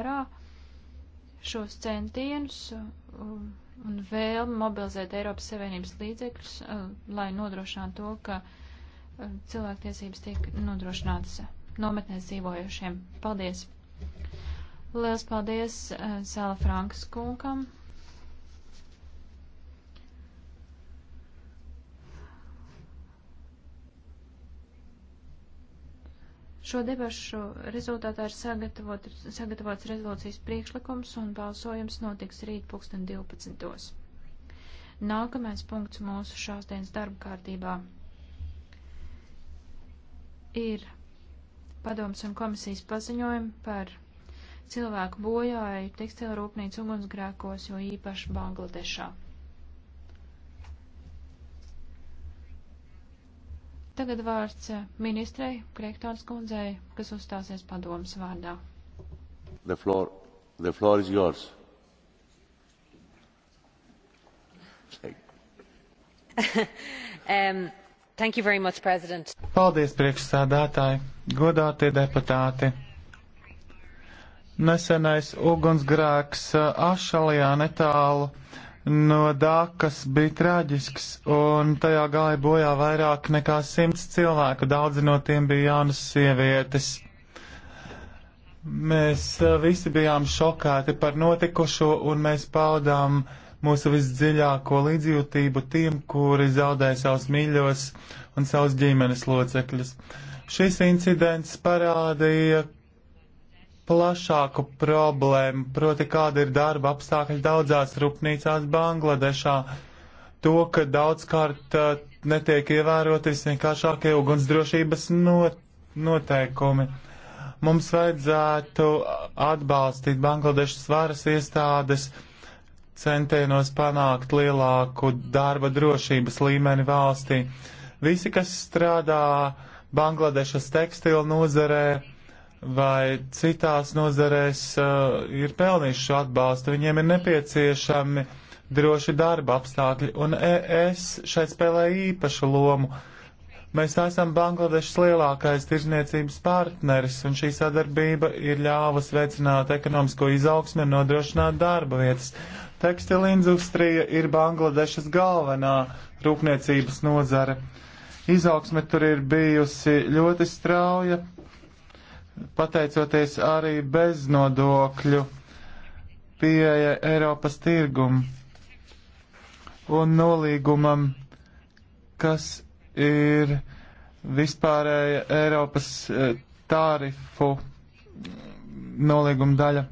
vērā šos centienus uh, un vēlmi mobilizēt Eiropas Savienības līdzekļus, uh, lai nodrošinātu to, ka uh, cilvēktiesības tiek nodrošinātas nometnēs dzīvojošiem. Paldies! Liels paldies Sēla Frankas kungam! Šo debašu rezultātā ir sagatavot, sagatavots rezolūcijas priekšlikums un balsojums notiks rīt 2012. Nākamais punkts mūsu šāsdienas darba kārtībā ir padoms un komisijas paziņojumi par cilvēku bojāju tekstilu rūpnīcu ugunsgrēkos, jo īpaši Bangladešā. Tagad vārds eh, ministrei Krektors kundzei, kas uzstāsies padomas vārdā. The floor, the floor is yours. um, thank you very much, President. Paldies, priekšsādātāji, godātie deputāti. Nesenais ugunsgrēks eh, Ašalijā netālu no Dākas bija traģisks, un tajā gāja bojā vairāk nekā simts cilvēku, daudzi no tiem bija jaunas sievietes. Mēs eh, visi bijām šokēti par notikušo, un mēs paudām mūsu visdziļāko līdzjūtību tiem, kuri zaudēja savus mīļos un savus ģimenes locekļus. Šis incidents parādīja, plašāku problēmu, proti kāda ir darba apstākļi daudzās rūpnīcās Bangladešā. To, ka daudzkārt uh, netiek ievēroti visvienkāršākie ugunsdrošības not noteikumi. Mums vajadzētu atbalstīt Bangladešas varas iestādes centienos panākt lielāku darba drošības līmeni valstī. Visi, kas strādā Bangladešas tekstilu nozarē, vai citās nozarēs uh, ir pelnījuši šo atbalstu. Viņiem ir nepieciešami droši darba apstākļi, un es šeit spēlēju īpašu lomu. Mēs esam Bangladešas lielākais tirzniecības partneris, un šī sadarbība ir ļāvusi veicināt ekonomisko izaugsmi un nodrošināt darba vietas. Tekstila industrija ir Bangladešas galvenā rūpniecības nozara. Izaugsme tur ir bijusi ļoti strauja, pateicoties arī beznodokļu pieeja Eiropas tirgum un nolīgumam, kas ir vispārēja Eiropas eh, tārifu nolīguma daļa.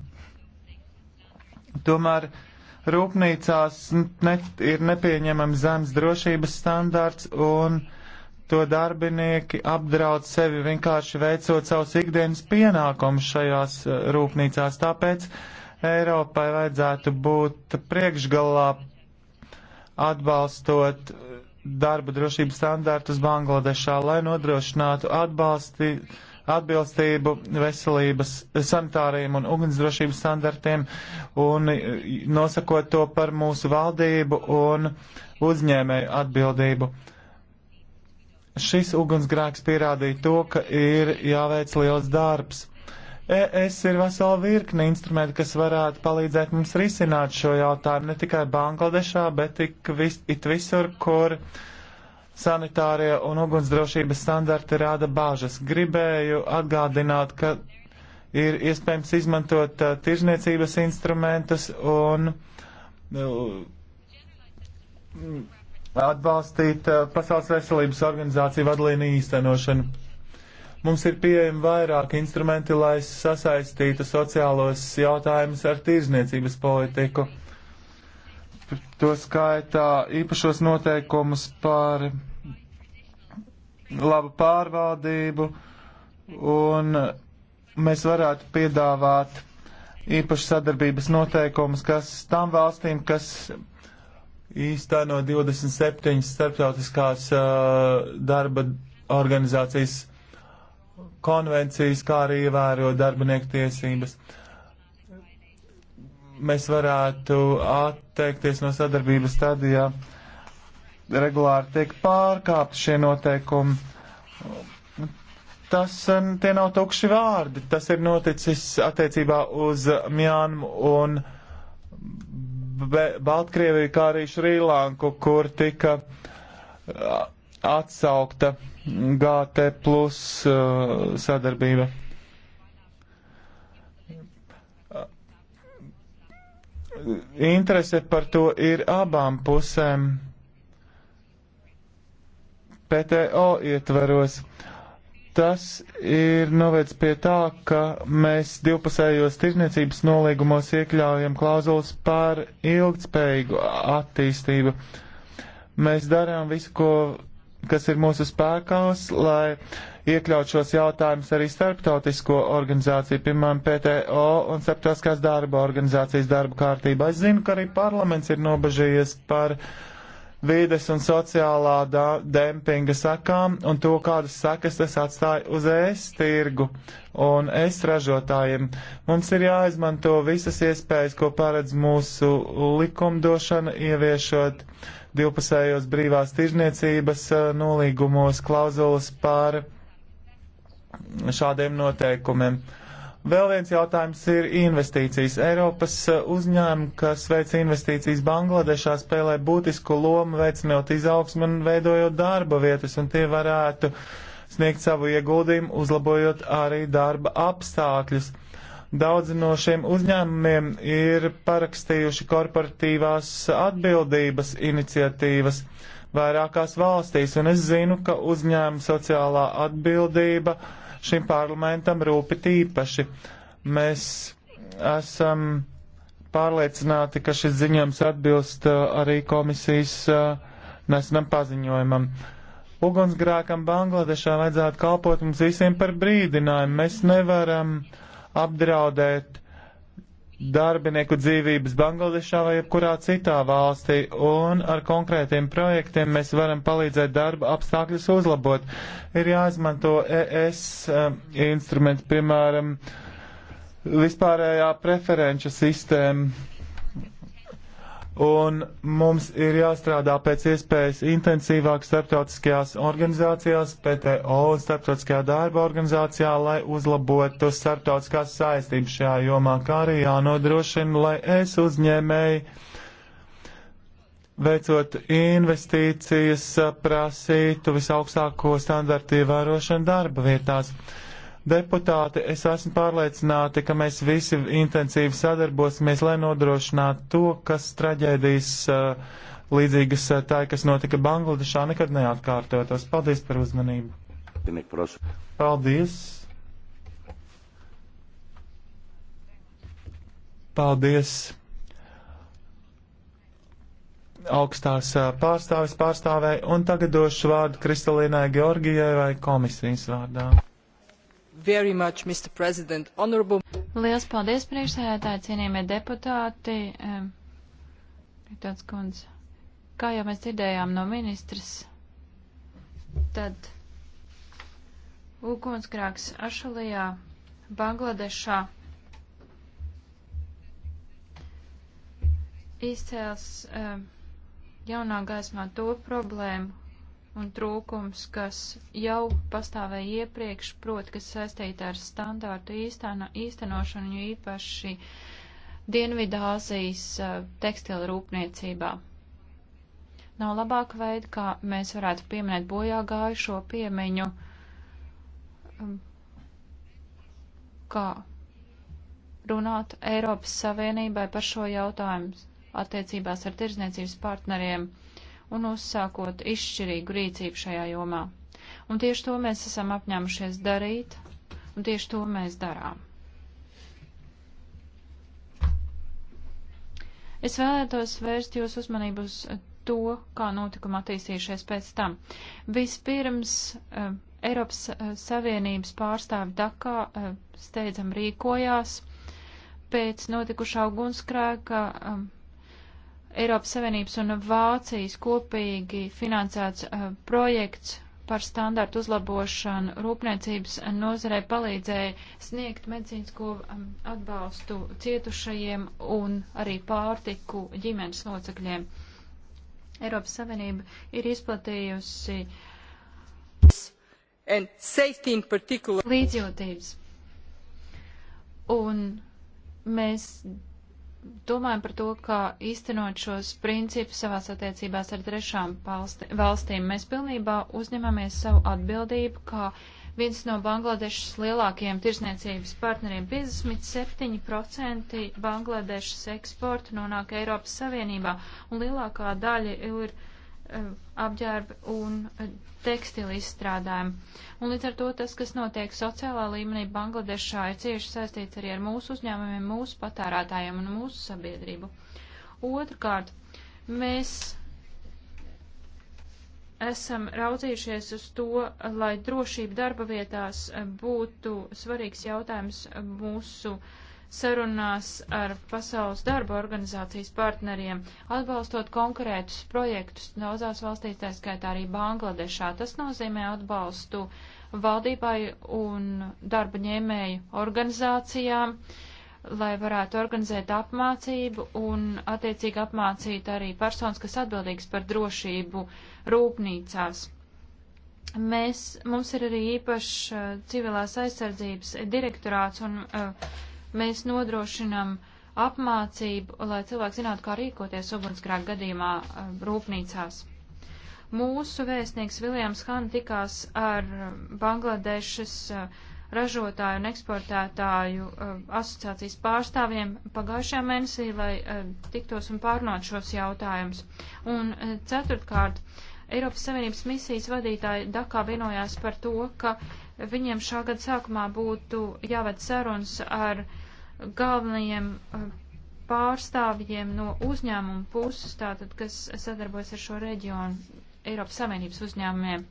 Tomēr rūpnīcās net, ir nepieņemams zemes drošības standārts un uh, to darbinieki apdraud sevi vienkārši veicot savus ikdienas pienākumus šajās eh, rūpnīcās. Tāpēc Eiropai vajadzētu būt priekšgalā atbalstot eh, darba drošības standārtus Bangladešā, lai nodrošinātu atbalsti, atbilstību veselības eh, sanitāriem un ugunsdrošības standartiem un nosakot to par mūsu valdību un uzņēmēju atbildību. Šis ugunsgrēks pierādīja to, ka ir jāveic liels darbs. ES ir vesela virkne instrumenti, kas varētu palīdzēt mums risināt šo jautājumu ne tikai Bangladešā, bet ik vis, it visur, kur sanitārie un ugunsdrošības standarti rāda bāžas. Gribēju atgādināt, ka ir iespējams izmantot uh, tirzniecības instrumentus un uh, atbalstīt eh, Pasaules veselības organizāciju vadlīniju īstenošanu. Mums ir pieejami vairāk instrumenti, lai sasaistītu sociālos jautājumus ar tīrzniecības politiku. To skaitā īpašos noteikumus par labu pārvaldību, un mēs varētu piedāvāt īpašas sadarbības noteikumus, kas tām valstīm, kas īsteno 27 starptautiskās uh, darba organizācijas konvencijas, kā arī ievēro darbinieku tiesības. Mēs varētu atteikties no sadarbības tad, ja regulāri tiek pārkāpti šie noteikumi. Tas tie nav tukši vārdi. Tas ir noticis attiecībā uz Mjānmu un Baltkrieviju, kā arī Šrīlanku, kur tika atsaukta GT plus sadarbība. Interese par to ir abām pusēm PTO ietvaros. Uh, Tas ir novēc pie tā, ka mēs divpusējos tirzniecības nolīgumos iekļaujam klauzulas par ilgtspējīgu attīstību. Mēs darām visu, ko, kas ir mūsu spēkās, lai iekļaut šos jautājumus arī starptautisko organizāciju, piemēram, PTO un starptautiskās darba organizācijas darba kārtībā. Es zinu, ka arī parlaments ir nobežījies par uh, vīdes un sociālā dempinga sekām un to, kādas sekas tas atstāja uz ēs tirgu un es ražotājiem. Mums ir jāizmanto visas iespējas, ko paredz mūsu likumdošana, ieviešot divpusējos brīvās tirzniecības eh, nolīgumos klauzulas par šādiem noteikumiem. Vēl viens jautājums ir investīcijas. Eiropas uh, uzņēmumi, kas veic investīcijas Bangladešā, spēlē būtisku lomu veicinot izaugsmu un veidojot darba vietas, un tie varētu sniegt savu ieguldījumu, uzlabojot arī darba apstākļus. Daudzi no šiem uzņēmumiem ir parakstījuši korporatīvās atbildības iniciatīvas vairākās valstīs, un es zinu, ka uzņēmuma sociālā atbildība uh, šim parlamentam rūpi tīpaši. Mēs esam pārliecināti, ka šis ziņojums atbilst uh, arī komisijas uh, nesenam paziņojumam. Ugunsgrākam Bangladešā vajadzētu kalpot mums visiem par brīdinājumu. Mēs nevaram apdraudēt darbinieku dzīvības Bangladešā vai jebkurā citā valstī, un ar konkrētiem projektiem mēs varam palīdzēt darba apstākļus uzlabot. Ir jāizmanto ES um, instrumenti, piemēram, vispārējā preferenču sistēma un mums ir jāstrādā pēc iespējas intensīvāk starptautiskajās organizācijās, PTO un starptautiskajā darba organizācijā, lai uzlabotu starptautiskās saistības šajā jomā, kā arī jānodrošina, lai es uzņēmēji veicot investīcijas, prasītu visaugstāko standartu ievērošanu darba vietās deputāti, es esmu pārliecināti, ka mēs visi intensīvi sadarbosimies, lai nodrošinātu to, kas traģēdijas uh, līdzīgas uh, tā, kas notika Bangladešā, nekad neatkārtotos. Paldies par uzmanību. Paldies. Paldies augstās uh, pārstāvis pārstāvēja, un tagad došu vārdu Kristalīnai Georgijai vai komisijas vārdā very much, Mr. President. Honorable... Lielas paldies, priekšsēdētāji, cienījamie deputāti. Ehm, Tāds kundze, kā jau mēs dzirdējām no ministras, tad ugunsgrāks Ašalijā, Bangladešā izcēls ehm, jaunā gaismā to problēmu, un trūkums, kas jau pastāvēja iepriekš, proti, kas saistīta ar standārtu īsteno, īstenošanu, jo īpaši Dienvidāzijas uh, tekstila rūpniecībā. Nav labāka veida, kā mēs varētu pieminēt bojā gājušo piemiņu, um, kā runāt Eiropas Savienībai par šo jautājumu attiecībās ar tirzniecības partneriem. Uh, un uzsākot izšķirīgu rīcību šajā jomā. Un tieši to mēs esam apņēmušies darīt, un tieši to mēs darām. Es vēlētos vērst jūs uzmanību uz to, kā notikuma attīstījušies pēc tam. Vispirms eh, Eiropas eh, Savienības pārstāvi Dakā eh, steidzam rīkojās pēc notikušā ugunskrēka. Um, eh, Eiropas Savienības un Vācijas kopīgi finansēts uh, projekts par standartu uzlabošanu rūpniecības nozarē palīdzēja sniegt medicīnisko mm, atbalstu cietušajiem un arī pārtiku ģimenes locekļiem. Eiropas Savienība ir izplatījusi līdzjūtības. Un mēs domājam par to, kā īstenot šos principus savās attiecībās ar trešām palsti, valstīm. Mēs pilnībā uzņemamies savu atbildību, kā viens no Bangladešas lielākajiem tirsniecības partneriem. 57% Bangladešas eksporta nonāk Eiropas Savienībā, un lielākā daļa ir Eh, apģērba un eh, tekstila izstrādājumu. Un līdz ar to tas, kas notiek sociālā līmenī Bangladešā, ir cieši saistīts arī ar mūsu uzņēmumiem, mūsu patērētājiem un mūsu sabiedrību. Otrkārt, mēs esam raudzījušies uz to, lai drošība darba vietās eh, būtu svarīgs jautājums mūsu uh, sarunās ar Pasaules darba organizācijas partneriem, atbalstot konkrētus projektus daudzās valstīs, tā skaitā arī Bangladešā. Tas nozīmē atbalstu valdībai un darba ņēmēju organizācijām. Uh, lai varētu organizēt apmācību un attiecīgi apmācīt arī personas, kas atbildīgs par drošību rūpnīcās. Mēs, mums ir arī īpašs uh, civilās aizsardzības direktorāts un uh, mēs nodrošinam apmācību, lai cilvēki zinātu, kā rīkoties ugunsgrēku gadījumā eh, rūpnīcās. Mūsu vēstnieks Viljams Han tikās ar eh, Bangladešas eh, ražotāju un eksportētāju asociācijas pārstāvjiem pagājušajā mēnesī, lai tiktos un pārnot šos jautājumus. Un ceturtkārt, Eiropas Savienības misijas vadītāji Dakā vienojās par to, ka viņiem šā gada sākumā būtu jāved sarunas ar uh, galvenajiem eh, pārstāvjiem no uzņēmumu puses, tātad, kas sadarbojas ar šo reģionu Eiropas Savienības uzņēmumiem.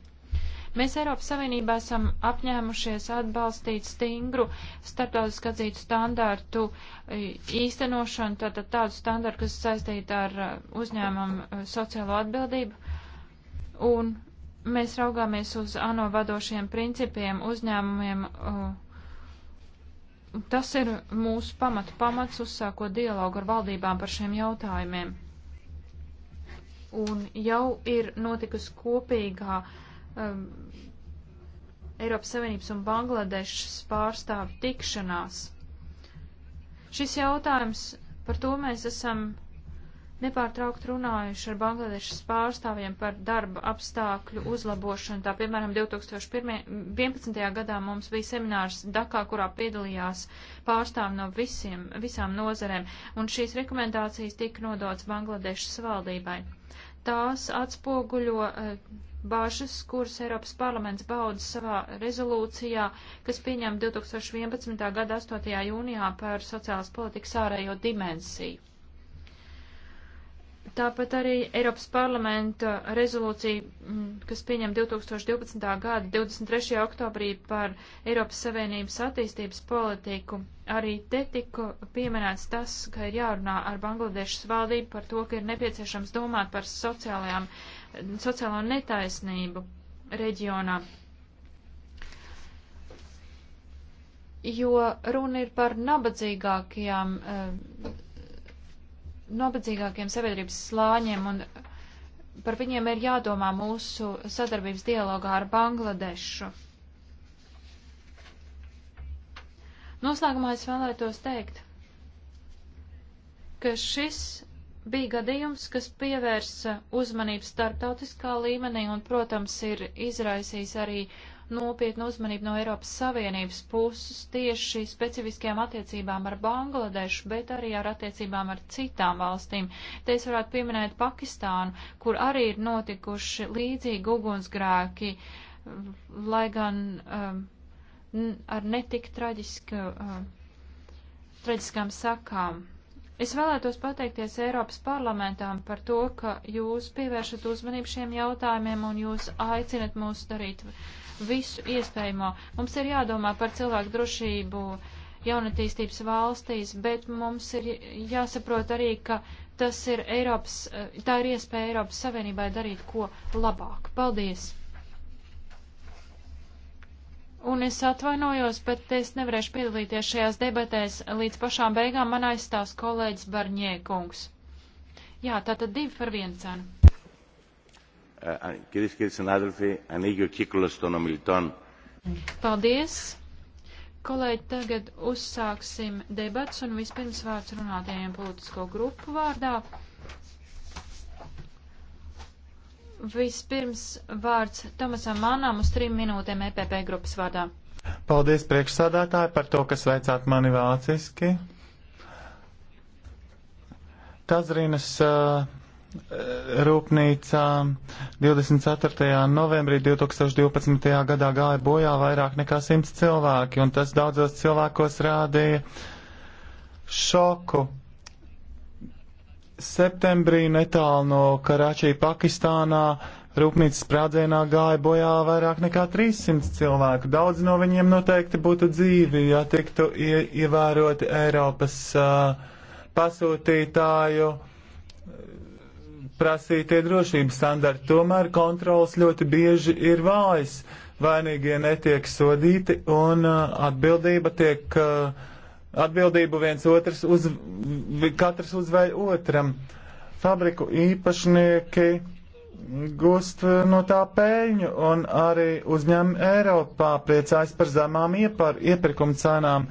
Mēs Eiropas Savienībā esam apņēmušies atbalstīt stingru starptautiski atzītu standārtu eh, īstenošanu, tātad tādu standārtu, kas saistīta ar eh, uzņēmumu sociālo atbildību. Un mēs raugāmies uz ANO vadošiem principiem uzņēmumiem. Uh, Tas ir mūsu pamata pamats uzsākot dialogu ar valdībām par šiem jautājumiem. Un jau ir notikusi kopīgā um, Eiropas Savienības un Bangladešas pārstāvu tikšanās. Šis jautājums, par to mēs esam nepārtraukt runājuši ar Bangladešas pārstāvjiem par darba apstākļu uzlabošanu. Tā piemēram, 2011. gadā mums bija seminārs Dakā, kurā piedalījās pārstāvi no visiem, visām nozarēm, un šīs rekomendācijas tika nodots Bangladešas valdībai. Tās atspoguļo eh, bažas, kuras Eiropas parlaments bauda savā rezolūcijā, kas pieņem 2011. gada 8. jūnijā par sociālas politikas ārējo dimensiju. Tāpat arī Eiropas parlamenta rezolūcija, mm, kas pieņem 2012. gada 23. oktobrī par Eiropas Savienības attīstības politiku, arī te tika pieminēts tas, ka ir jārunā ar Bangladešas valdību par to, ka ir nepieciešams domāt par sociālajām, sociālo netaisnību reģionā. Jo runa ir par nabadzīgākajām. Uh, nobadzīgākiem sabiedrības slāņiem, un par viņiem ir jādomā mūsu sadarbības dialogā ar Bangladešu. Noslēgumā es vēlētos teikt, ka šis bija gadījums, kas pievērsa uzmanību starptautiskā līmenī un, protams, ir izraisījis arī uh, nopietnu uzmanību no Eiropas Savienības puses tieši specifiskajām attiecībām ar Bangladešu, bet arī ar attiecībām ar citām valstīm. Te es varētu pieminēt Pakistānu, kur arī ir notikuši līdzīgi ugunsgrēki, lai gan um, ar netik traģiska, uh, um, traģiskām sakām. Es vēlētos pateikties Eiropas parlamentām par to, ka jūs pievēršat uzmanību šiem jautājumiem un jūs aicinat mūs darīt visu iespējamo. Mums ir jādomā par cilvēku drošību jaunatīstības valstīs, bet mums ir jāsaprot arī, ka tas ir Eiropas, eh, tā ir iespēja Eiropas Savienībai darīt ko labāk. Paldies! Un es atvainojos, bet es nevarēšu piedalīties šajās debatēs līdz pašām beigām. Man aizstās kolēģis Barņē kungs. Jā, tātad divi par vienu cenu. Κυρίες και κύριοι συνάδελφοι, ανοίγει ο κύκλος των ομιλητών. Paldies! Kolēģi, tagad uzsāksim debats un vispirms vārds runātajiem politisko grupu vārdā. Vispirms vārds Tomasam Manam uz trim minūtēm EPP grupas vārdā. Paldies priekšsādātāji par to, kas veicāt mani vāciski. Tazrinas uh, rūpnīcā 24. novembrī 2012. gadā gāja bojā vairāk nekā 100 cilvēki, un tas daudzos cilvēkos rādīja šoku. Septembrī netālu no Karačī, Pakistānā, rūpnīcas sprādzienā gāja bojā vairāk nekā 300 cilvēku. Daudz no viņiem noteikti būtu dzīvi, ja tiktu ie ievēroti Eiropas uh, pasūtītāju uh, prasītie drošības standarti. Tomēr kontrols ļoti bieži ir vājas, vainīgie netiek sodīti un uh, atbildība tiek, uh, atbildību viens otrs uz, katrs uzvēj otram. Fabriku īpašnieki gūst uh, no tā peļņu un arī uzņēmumi Eiropā priecājas par zemām iepar, iepirkuma cenām.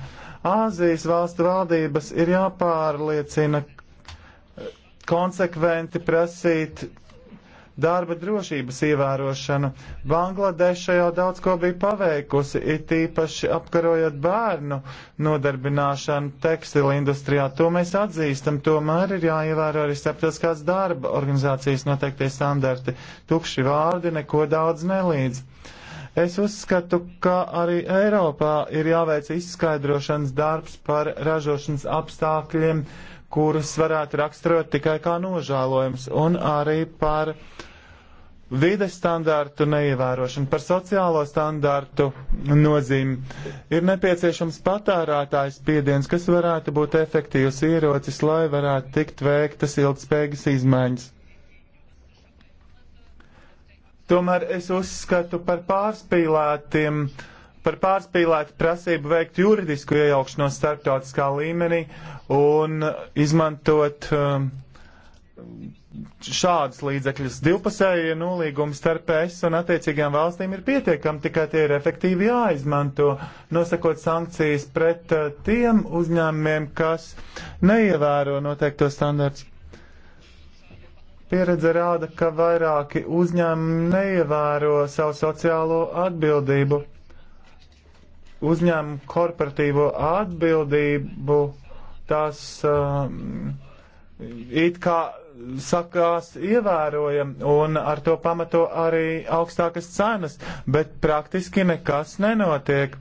Āzijas valstu valdības ir jāpārliecina, konsekventi prasīt darba drošības ievērošanu. Bangladeša jau daudz ko bija paveikusi, it īpaši apkarojot bērnu nodarbināšanu tekstila industrijā. To mēs atzīstam, tomēr ir jāievēro arī starptautiskās darba organizācijas noteiktie standarti. Tukši vārdi neko daudz nelīdz. Es uzskatu, ka arī Eiropā ir jāveic izskaidrošanas darbs par ražošanas apstākļiem kurus varētu raksturot tikai kā nožēlojums, un arī par vides standārtu neievērošanu, par sociālo standārtu nozīmi. Ir nepieciešams patērētājs spiediens, kas varētu būt efektīvs ierocis, lai varētu tikt veiktas ilgspējīgas izmaiņas. Tomēr es uzskatu par pārspīlētiem uh, par pārspīlētu prasību veikt juridisku iejaukšanos starptautiskā līmenī un izmantot um, šādus līdzekļus. Divpusējie nolīgumi starp es un attiecīgām valstīm ir pietiekami, tikai tie ir efektīvi jāizmanto, nosakot sankcijas pret uh, tiem uzņēmumiem, kas neievēro noteikto standarts. Pieredze rāda, ka vairāki uzņēmumi neievēro savu sociālo atbildību uzņēmumu korporatīvo atbildību, tās uh, um, it kā sakās ievērojam un ar to pamato arī augstākas cenas, bet praktiski nekas nenotiek.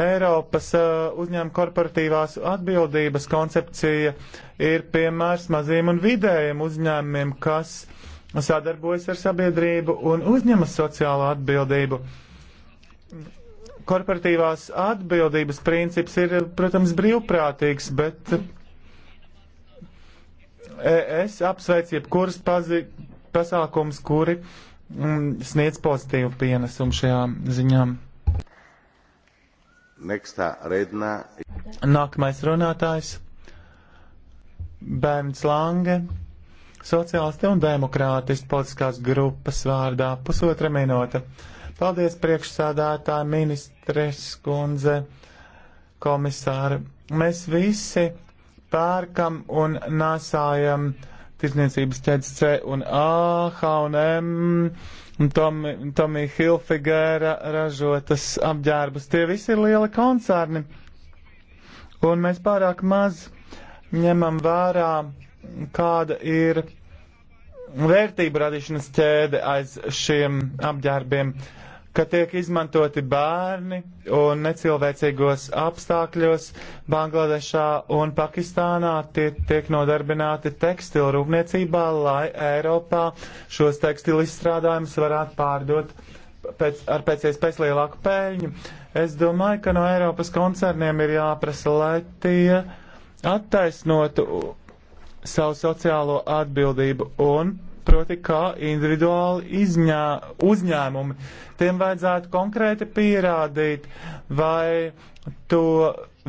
Eiropas uh, uzņēmuma korporatīvās atbildības koncepcija ir piemērs maziem un vidējiem uzņēmumiem, kas sadarbojas ar sabiedrību un uzņemas sociālo atbildību. Korporatīvās atbildības princips ir, protams, brīvprātīgs, bet es apsveicu jebkuras pazi, pasākums, kuri mm, sniedz pozitīvu pienesumu šajā ziņā. Redna... Nākamais runātājs - Bērns Lange, sociālisti un demokrātisti politiskās grupas vārdā pusotra minūte. Paldies priekšsādātāji, ministres kundze, komisāri. Mēs visi pērkam un nesājam tirzniecības ķēdes C un A, H&M, Tommy, Tommy Hilfigera ražotas apģērbus. Tie visi ir lieli koncerni. Un mēs pārāk maz ņemam vērā, kāda ir vērtību radīšanas ķēde aiz šiem apģērbiem. Uh, ka tiek izmantoti bērni un necilvēcīgos apstākļos Bangladešā un Pakistānā tie tiek nodarbināti tekstilu rūpniecībā, lai Eiropā šos tekstilu izstrādājumus varētu pārdot pēc, ar pēc iespējas lielāku pēļņu. Es domāju, ka no Eiropas koncerniem ir jāprasa, lai tie attaisnotu savu sociālo atbildību un proti kā individuāli izņā, uzņēmumi. Tiem vajadzētu konkrēti pierādīt, vai to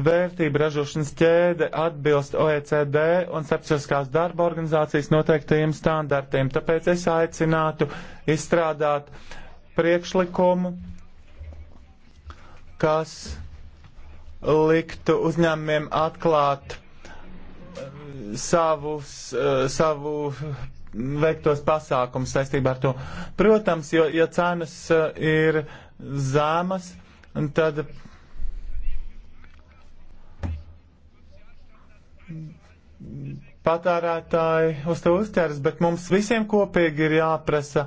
vērtību ražošanas ķēde atbilst OECD un starptautiskās darba organizācijas noteiktajiem standartiem. Tāpēc es aicinātu izstrādāt priekšlikumu, kas liktu uzņēmumiem atklāt eh, savus, eh, savu veiktos pasākums saistībā ar to. Protams, jo, ja cenas eh, ir zēmas, tad. Patērētāji uz to uzķeras, bet mums visiem kopīgi ir jāprasa,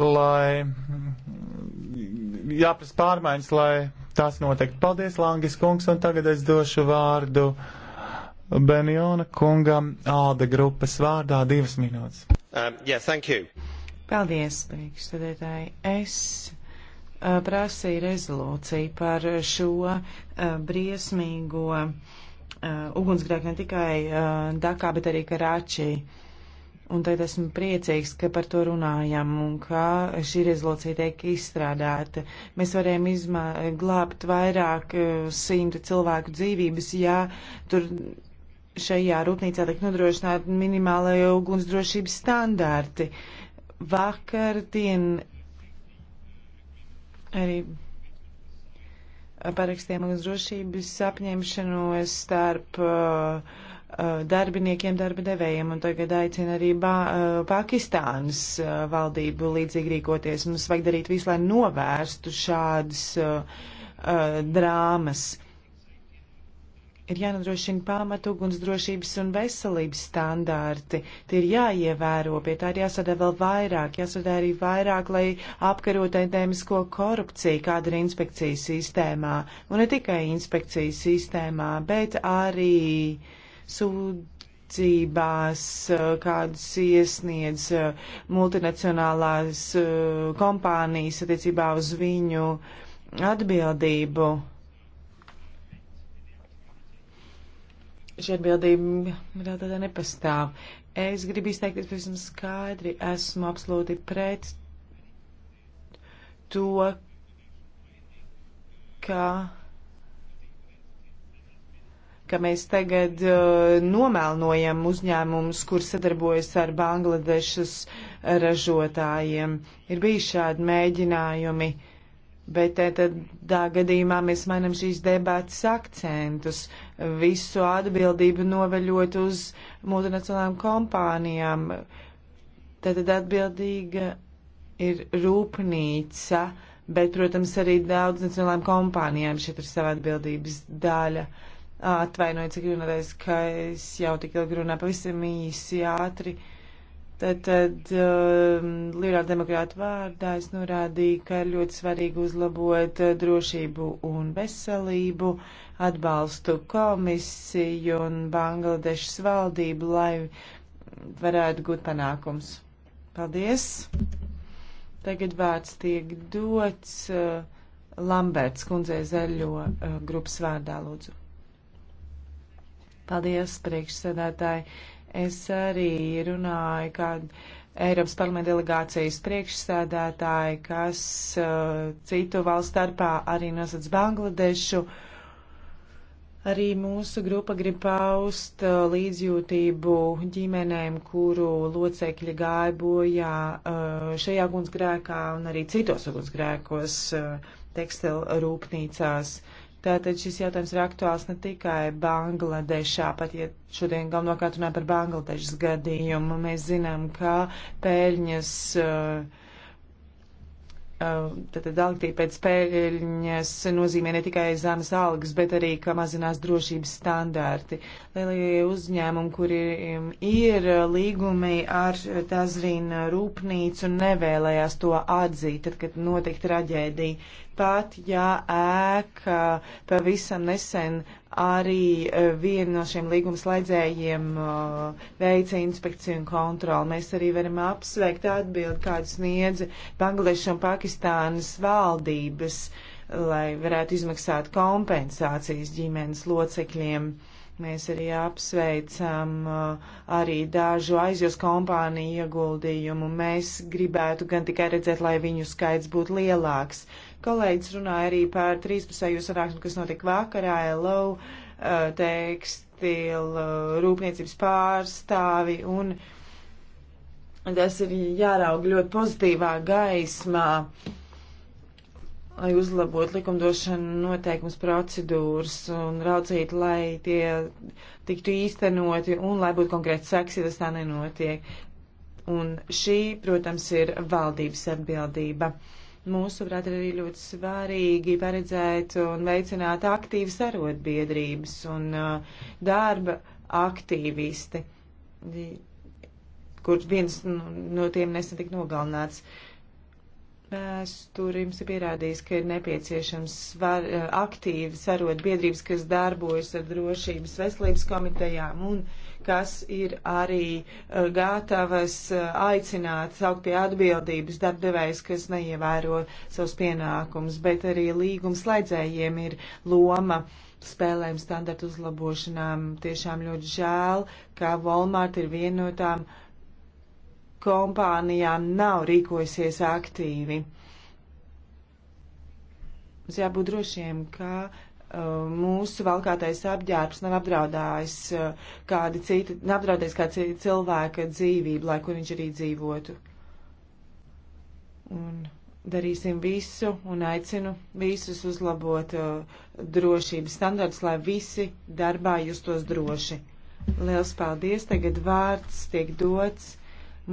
lai jāprasa pārmaiņas, lai tās notiek. Paldies, Langis kungs, un tagad es došu vārdu uh, Benjona kungam āda grupas vārdā divas minūtes. Um, yeah, thank you. Paldies, priekšsēdētāji. Es uh, prasīju rezolūciju par šo uh, briesmīgo uh, ugunsgrēku ne tikai uh, Dakā, bet arī Karāčī. Un tad esmu priecīgs, ka par to runājam un ka šī rezolūcija tiek izstrādāta. Mēs varējām izmā, glābt vairāk uh, simtu cilvēku dzīvības, ja tur šajā rūpnīcā tiek nodrošināti minimālajie ugunsdrošības standarti. Vakardien arī parakstījām ugunsdrošības apņemšanos starp uh, uh, darbiniekiem, darba devējiem, un tagad aicina arī ba uh, Pakistānas uh, valdību līdzīgi rīkoties. Mums vajag darīt visu, lai novērstu šādas uh, drāmas ir jānodrošina pamatu uguns drošības un veselības standārti. Tie ir jāievēro, pie tā ir jāsadara vēl vairāk, jāsadara arī vairāk, lai apkarot endēmisko korupciju, kāda ir inspekcijas sistēmā. Un ne tikai inspekcijas sistēmā, bet arī sūdzībās, kādas iesniedz multinacionālās eh, kompānijas attiecībā uz viņu atbildību šī atbildība realitātē nepastāv. Es gribu izteikties pavisam skaidri, esmu absolūti pret to, ka, ka mēs tagad uh, nomēlnojam uzņēmumus, kur sadarbojas ar Bangladešas ražotājiem. Ir bijuši šādi mēģinājumi. Uh, Bet eh, tādā gadījumā mēs mainām šīs debātas akcentus, visu atbildību noveļot uz multinacionālām kompānijām. Tātad atbildīga ir rūpnīca, bet, protams, arī daudz nacionālām kompānijām šeit ir sava atbildības daļa. Atvainojiet, cik runātais, ka es jau tik ilgi runāju pavisam īsi, ātri. Uh, Tātad uh, um, lielā demokrāta vārdā es norādīju, ka ir ļoti svarīgi uzlabot uh, drošību un veselību, atbalstu komisiju un Bangladešas valdību, lai varētu gūt panākums. Paldies! Tagad vārds tiek dots uh, Lamberts kundzei zaļo uh, grupas vārdā, lūdzu. Paldies, priekšsēdētāji! Uh, Es arī runāju kā Eiropas parlamenta delegācijas priekšsēdētāji, kas uh, citu valstu starpā arī nosacīts Bangladešu. Arī mūsu grupa grib paust uh, līdzjūtību ģimenēm, kuru locekļi gāja bojā uh, šajā gunsgrēkā un arī citos gunsgrēkos tekstilrūpnīcās. Uh, Tātad šis jautājums ir aktuāls ne tikai Bangladešā, pat ja šodien galvenokārt runā par Bangladešas gadījumu. Mēs zinām, ka pēļņas uh, Tātad algtība pēc spēļņas nozīmē ne tikai zemes algas, bet arī, ka mazinās drošības standārti. Lielie uzņēmumi, kuri um, ir līgumi ar Tazrīnu rūpnīcu, nevēlējās to atzīt, tad, kad notika traģēdija. Pat, ja ēka pavisam nesen arī e, viena no šiem līgumslēdzējiem e, veica inspekciju un kontroli. Mēs arī varam apsveikt atbildi, kādu sniedz Bangladeša un Pakistānas valdības, lai varētu izmaksāt kompensācijas ģimenes locekļiem. Mēs arī apsveicam e, arī dažu aizjūs kompāniju ieguldījumu. Mēs gribētu gan tikai redzēt, lai viņu skaits būtu lielāks, Kolēģis runāja arī par trīspusējo sanāksmi, kas notika vakarā, LO, uh, tekstilu, uh, rūpniecības pārstāvi, un tas ir jāraug ļoti pozitīvā gaismā, lai uzlabotu likumdošanu noteikums procedūras un raudzītu, lai tie tiktu īstenoti un lai būtu konkrēti seks, ja tas tā nenotiek. Un šī, protams, ir valdības atbildība. Mūsuprāt, ir arī ļoti svarīgi paredzēt un veicināt aktīvas arotbiedrības un uh, darba aktīvisti, kurš viens no tiem nesen tik nogalināts. Vēsturījums ir pierādījis, ka ir nepieciešams svar, uh, aktīvi sarot biedrības, kas darbojas ar drošības veselības komitejām un uh, kas ir arī e, gatavas e, aicināt, saukt pie atbildības darbdevējs, kas neievēro savus pienākumus, bet arī līgums slēdzējiem ir loma spēlēm standartu uzlabošanām. Tiešām ļoti žēl, ka Walmart ir viena no tām kompānijām nav rīkojusies aktīvi. Mums jābūt drošiem, ka uh, Uh, mūsu valkātais apģērbs nav apdraudājis uh, kādi citi, nav apdraudējis kāda cilvēka dzīvību, lai kur viņš arī dzīvotu. Un darīsim visu un aicinu visus uzlabot uh, drošības standarts, lai visi darbā justos droši. Liels paldies! Tagad vārds tiek dots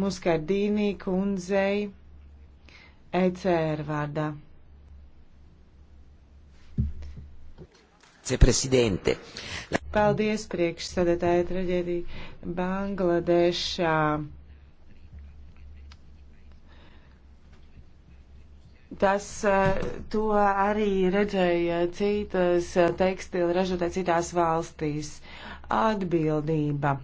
Muskardīnī kundzei ECR vārdā. Grazie, prezidente. Paldies, priekšsēdētāja traģēdija Bangladešā. Tas eh, to arī redzēja citas eh, tekstila ražotē citās valstīs. Atbildība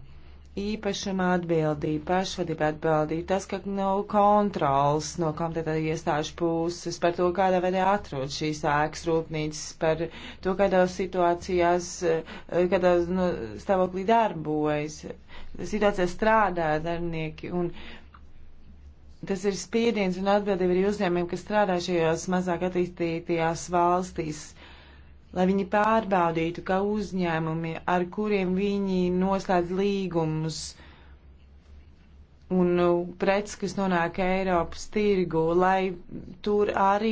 īpašuma atbildība, pašvadība atbildība, tas, ka nav kontrols no kompetentā iestāžu puses par to, kādā veidā atrod šīs ēkas rūpnīcas, par to, kādās situācijās, eh, kādā nu, stāvoklī darbojas, situācijā strādā darbinieki. Un, Tas ir spiediens un atbildība arī uzņēmumiem, kas strādā šajās mazāk attīstītajās valstīs lai viņi pārbaudītu, ka uzņēmumi, ar kuriem viņi noslēdz līgumus un nu, preces, kas nonāk Eiropas tirgu, lai tur arī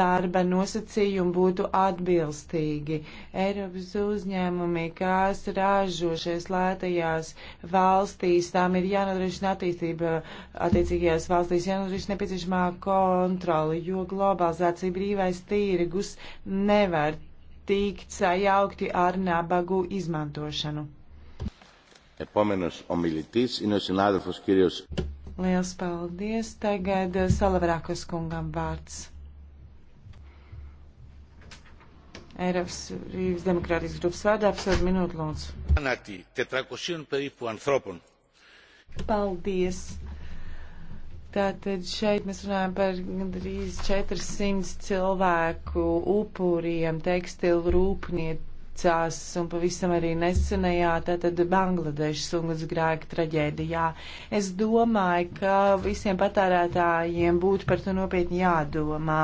darba nosacījumi būtu atbilstīgi. Eiropas uzņēmumi, kas ražo šajās lētajās valstīs, tām ir jānodrošina attīstība attiecīgajās valstīs, jānodrošina nepieciešamā kontrola, jo globalizācija brīvais tirgus nevar tikt sajaukti ar nabagu izmantošanu. Epomenos omilitīs ir sinādelfos Kirijos. Liels paldies. Tagad eh, Salavrākos kungam vārds. Eiropas Rīgas demokrātijas grupas vārdā apsver minūtu lūdzu. Paldies. Tātad šeit mēs runājam par gandrīz 400 cilvēku upuriem tekstilu rūpniecās un pavisam arī nesenajā tātad Bangladešas ugunsgrēka traģēdijā. Es domāju, ka visiem patērētājiem būtu par to nopietni jādomā.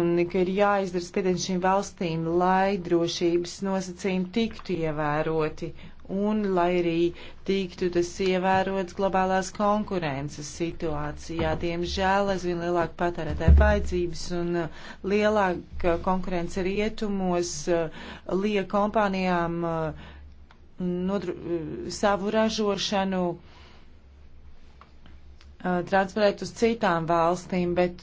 Un ka ir jāizdara spiediens šīm valstīm, lai drošības nosacījumi tiktu ievēroti un lai arī tiktu tas ievērots globālās konkurences situācijā. Diemžēl aizvien lielāka patērētāja vajadzības un uh, lielāka konkurence rietumos uh, liek kompānijām uh, nodru, savu ražošanu transferēt uz citām valstīm, bet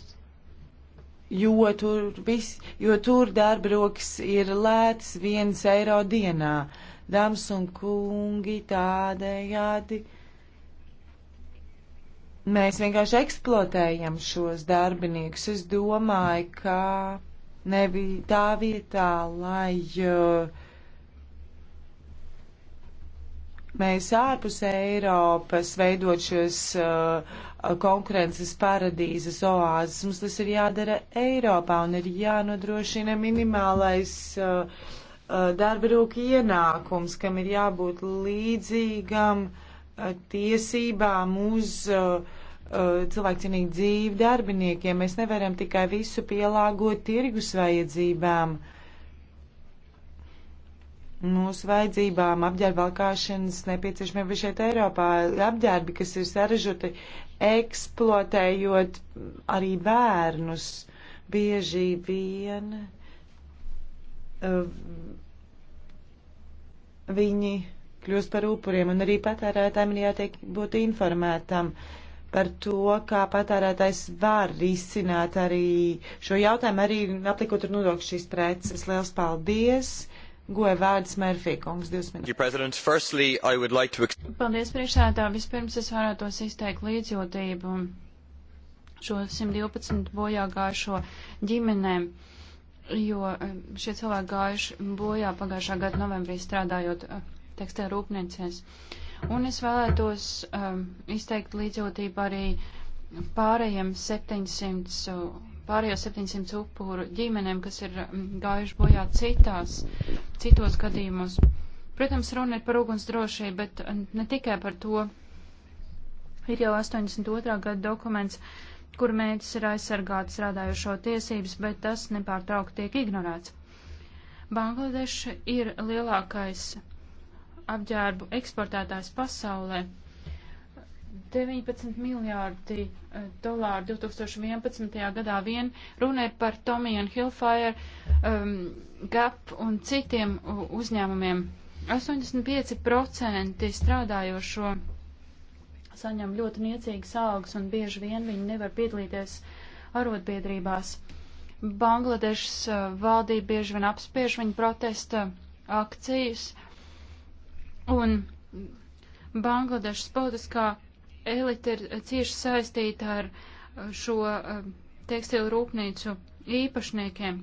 jo tur, vis, jo tur darba rokas ir lētas viens eiro dienā. Uh, Dāmas un kungi, tādējādi mēs vienkārši eksploatējam šos darbiniekus. Es domāju, ka nebija tā vietā, lai uh, mēs ārpus Eiropas veidot šos uh, konkurences paradīzes oāzes, mums tas ir jādara Eiropā un ir jānodrošina minimālais uh, Uh, darba rūka ienākums, kam ir jābūt līdzīgam uh, tiesībām uz uh, cilvēkcienīgu dzīvi darbiniekiem. Mēs nevaram tikai visu pielāgot tirgus vajadzībām, mūsu vajadzībām, apģērba valkāšanas nepieciešamība šeit Eiropā, apģērbi, kas ir sarežoti eksploatējot arī bērnus bieži vien. Uh, Ehm, viņi kļūst par upuriem, un arī patērētājiem ir jātiek būt informētam par to, kā patērētājs var risināt arī šo jautājumu, arī aplikot ar nodokļu šīs preces. Liels paldies! Goja vārds Mērfī, kungs, 20 minūtes. Like to... Paldies, priekšsēdā. Vispirms es vēlētos izteikt līdzjūtību šo 112 bojā gājušo ģimenēm. Uh, jo šie cilvēki gājuši bojā pagājušā gada novembrī strādājot eh, tekstē rūpniecēs. Un es vēlētos um, izteikt līdzjūtību arī pārējiem 700, pārējo 700 upuru ģimenēm, kas ir gājuši bojā citās, citos gadījumos. Protams, runa ir par uguns drošību, bet ne tikai par to. Ir jau 82. gada dokuments, uh, kur mērķis ir aizsargāt strādājošo tiesības, bet tas nepārtraukti tiek ignorēts. Bangladeša ir lielākais apģērbu eksportētājs pasaulē. 19 miljārdi e, dolāru 2011. gadā vien runē par Tommy and Hillfire, um, Gap un citiem uzņēmumiem. 85% strādājošo saņem ļoti niecīgas algas un bieži vien viņi nevar piedalīties arotbiedrībās. Bangladešas uh, valdība bieži vien apspiež viņu protesta akcijas un Bangladešas politiskā elite ir cieši saistīta ar uh, šo uh, tekstilu rūpnīcu īpašniekiem.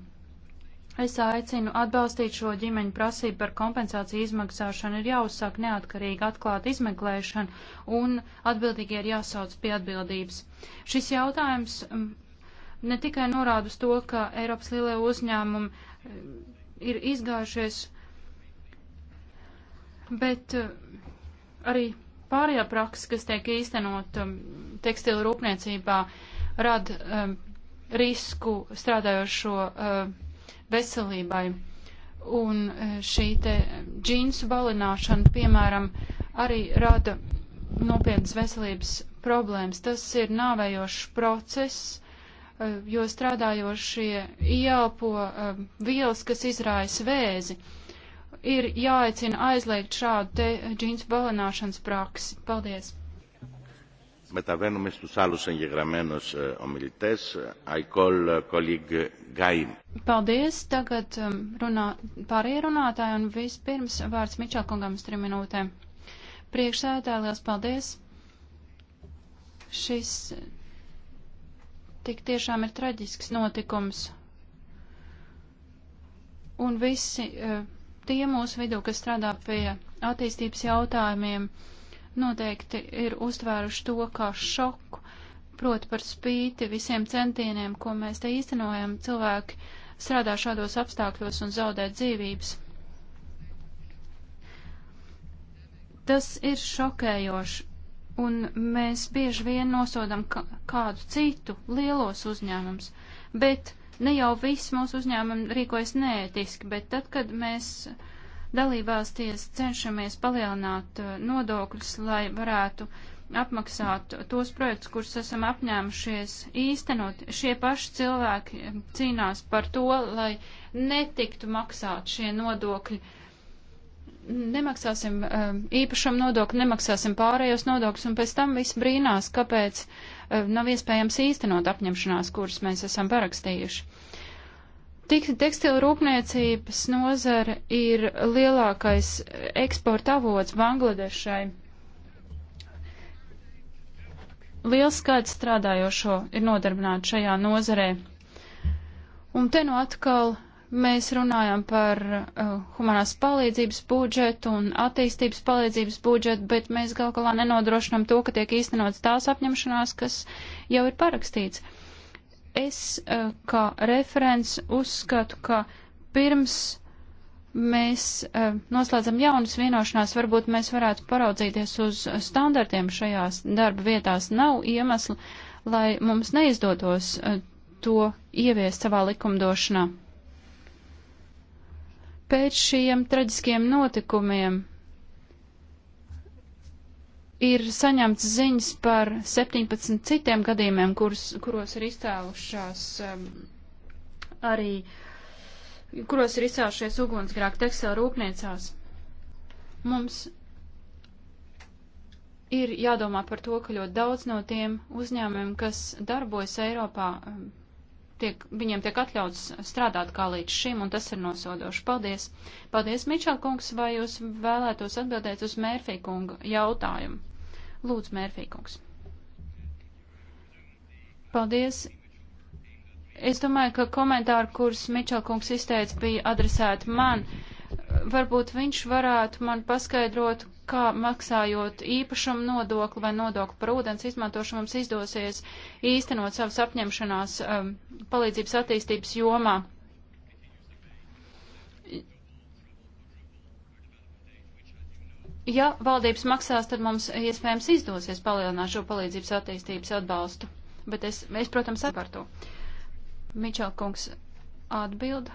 Es aicinu atbalstīt šo ģimeņu prasību par kompensāciju izmaksāšanu, ir jāuzsāk neatkarīgi atklāt izmeklēšanu un atbildīgi ir jāsauc pie atbildības. Šis jautājums mm, ne tikai norāda uz to, ka Eiropas lielie uzņēmumi mm, ir izgājušies, bet mm, arī pārējā praksa, kas tiek īstenot tekstilu rūpniecībā, rada risku strādājošo veselībai. Un e, šī te džīnsu balināšana, piemēram, arī rada nopietnas veselības problēmas. Tas ir nāvējošs process, e, jo strādājošie ieelpo e, vielas, kas izraisa vēzi. Ir jāaicina aizliegt šādu te džīnsu balināšanas praksi. Paldies! Μεταβαίνουμε στους άλλους εγγεγραμμένους ομιλητές. I call colleague Gaim. Paldies. Tagad um, runā, pārējie runātāji un vispirms vārds Mičelkungam uz trim minūtēm. Priekšsēdētāji, liels paldies. Šis tik tiešām ir traģisks notikums. Un visi uh, tie mūsu vidū, kas strādā pie attīstības jautājumiem, uh, noteikti ir uztvēruši to kā šoku, proti par spīti visiem centieniem, ko mēs te īstenojam, cilvēki strādā šādos apstākļos un zaudē dzīvības. Tas ir šokējoši, un mēs bieži vien nosodam kādu citu lielos uzņēmumus, bet ne jau viss mūsu uzņēmumi rīkojas neētiski, bet tad, kad mēs uh, dalībvalstīs cenšamies palielināt eh, nodokļus, lai varētu apmaksāt tos projektus, kurus esam apņēmušies īstenot. Šie paši cilvēki eh, cīnās par to, lai netiktu maksāt šie nodokļi. Nemaksāsim eh, īpašam nodokli, nemaksāsim pārējos nodokļus, un pēc tam viss brīnās, kāpēc nav iespējams īstenot apņemšanās, kuras mēs esam parakstījuši. Tekstila rūpniecības nozara ir lielākais eksporta avots Bangladešai. Liels skaits strādājošo ir nodarbināti šajā nozarē. Un te nu atkal mēs runājam par uh, humanās palīdzības budžetu un attīstības palīdzības budžetu, bet mēs gal galā nenodrošinam to, ka tiek īstenots tās apņemšanās, kas jau ir parakstīts. Uh, Es eh, kā referents uzskatu, ka pirms mēs eh, noslēdzam jaunas vienošanās, varbūt mēs varētu paraudzīties uz standartiem šajās darba vietās. Nav iemesla, lai mums neizdotos eh, to ieviest savā likumdošanā. Pēc šiem traģiskiem notikumiem ir saņemts ziņas par 17 citiem gadījumiem, kurus, kuros ir izcēlušās um, arī, kuros ir izcēlušies ugunsgrēki tekstila rūpniecās. Mums ir jādomā par to, ka ļoti daudz no tiem uzņēmumiem, kas darbojas Eiropā, um, tiek, viņiem tiek atļauts strādāt kā līdz šim, un tas ir nosodoši. Paldies! Paldies, Mičel kungs, vai jūs vēlētos atbildēt uz Mērfī kunga jautājumu? Lūdzu, Mērfīkungs. Paldies. Es domāju, ka komentāri, kurus Mičelkungs izteica, bija adresēti man. Varbūt viņš varētu man paskaidrot, kā maksājot īpašumu nodokli vai nodokli par ūdens izmantošanu mums izdosies īstenot savas apņemšanās um, palīdzības attīstības jomā. Ja valdības maksās, tad mums iespējams izdosies palielināt šo palīdzības attīstības atbalstu. Bet es, es protams, par to. Mičel kungs atbild.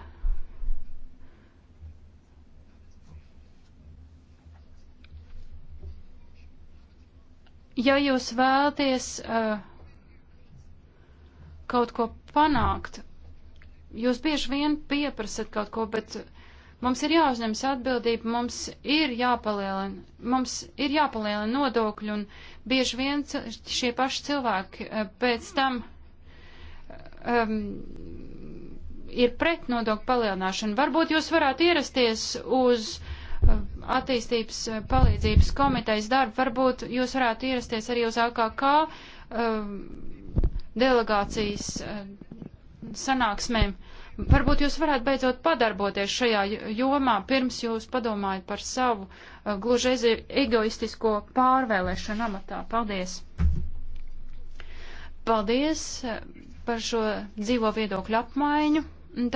Ja jūs vēlaties uh, kaut ko panākt, jūs bieži vien pieprasat kaut ko, bet uh, Mums ir jāuzņemas atbildība, mums ir jāpalielina, mums ir jāpalielina nodokļi, un bieži vien šie paši cilvēki eh, pēc tam um, ir pret nodokļu palielināšanu. Varbūt jūs varētu ierasties uz eh, attīstības eh, palīdzības komitejas darbu, varbūt jūs varētu ierasties arī uz AKK um, ehm, delegācijas um, sanāksmēm. Uh, Varbūt jūs varētu beidzot padarboties šajā jomā, pirms jūs padomājat par savu eh, gluži egoistisko pārvēlēšanu amatā. Paldies! Paldies eh, par šo dzīvo viedokļu apmaiņu.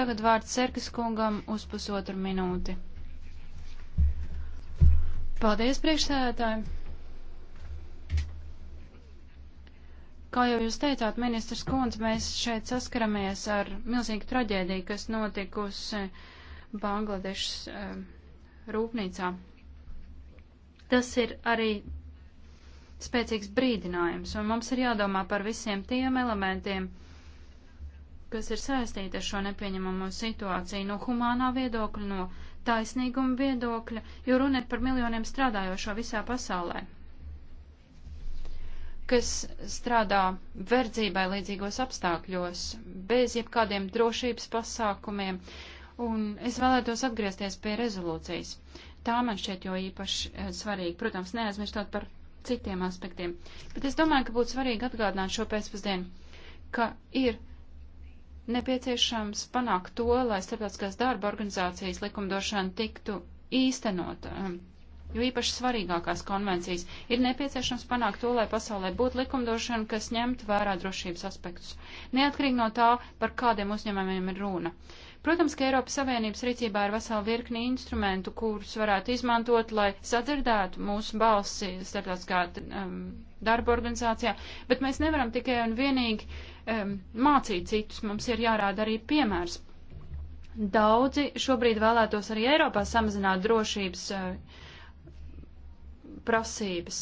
Tagad vārds Serkas kungam uz pusotru minūti. Paldies, priekšsēdētāji! Kā jau jūs teicāt, ministrs Kunz, mēs šeit saskaramies ar milzīgu traģēdiju, kas notikusi Bangladešas um, rūpnīcā. Tas ir arī spēcīgs brīdinājums, un mums ir jādomā par visiem tiem elementiem, kas ir saistīti ar šo nepieņemamo situāciju no humānā viedokļa, no taisnīguma viedokļa, jo runa ir par miljoniem strādājošo visā pasaulē kas strādā verdzībai līdzīgos apstākļos, bez jebkādiem drošības pasākumiem, un es vēlētos atgriezties pie rezolūcijas. Tā man šķiet jo īpaši eh, svarīga, protams, neaizmirstot par citiem aspektiem. Bet es domāju, ka būtu svarīgi atgādināt šo pēcpusdienu, ka ir nepieciešams panākt to, lai starptautiskās darba organizācijas likumdošana tiktu īstenota. Um, jo īpaši svarīgākās konvencijas, ir nepieciešams panākt to, lai pasaulē būtu likumdošana, kas ņemtu vērā drošības aspektus, neatkarīgi no tā, par kādiem uzņēmumiem ir runa. Protams, ka Eiropas Savienības rīcībā ir vesela virkni instrumentu, kurus varētu izmantot, lai sadzirdētu mūsu balsi starptautiskā um, darba organizācijā, bet mēs nevaram tikai un vienīgi um, mācīt citus, mums ir jārāda arī piemērs. Daudzi šobrīd vēlētos arī Eiropā samazināt drošības uh, prasības.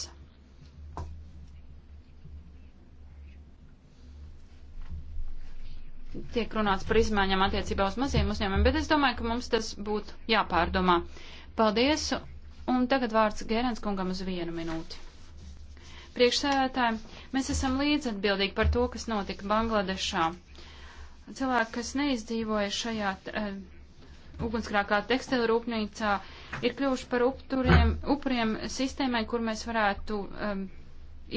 Tiek runāts par izmaiņām attiecībā uz maziem uzņēmumiem, bet es domāju, ka mums tas būtu jāpārdomā. Paldies, un tagad vārds Gērens kungam uz vienu minūti. Priekšsēdētāji, mēs esam līdzatbildīgi par to, kas notika Bangladešā. Cilvēki, kas neizdzīvoja šajā. Uh, ugunsgrākā tekstila rūpnīcā ir kļuvuši par upturiem, upuriem sistēmai, kur mēs varētu um,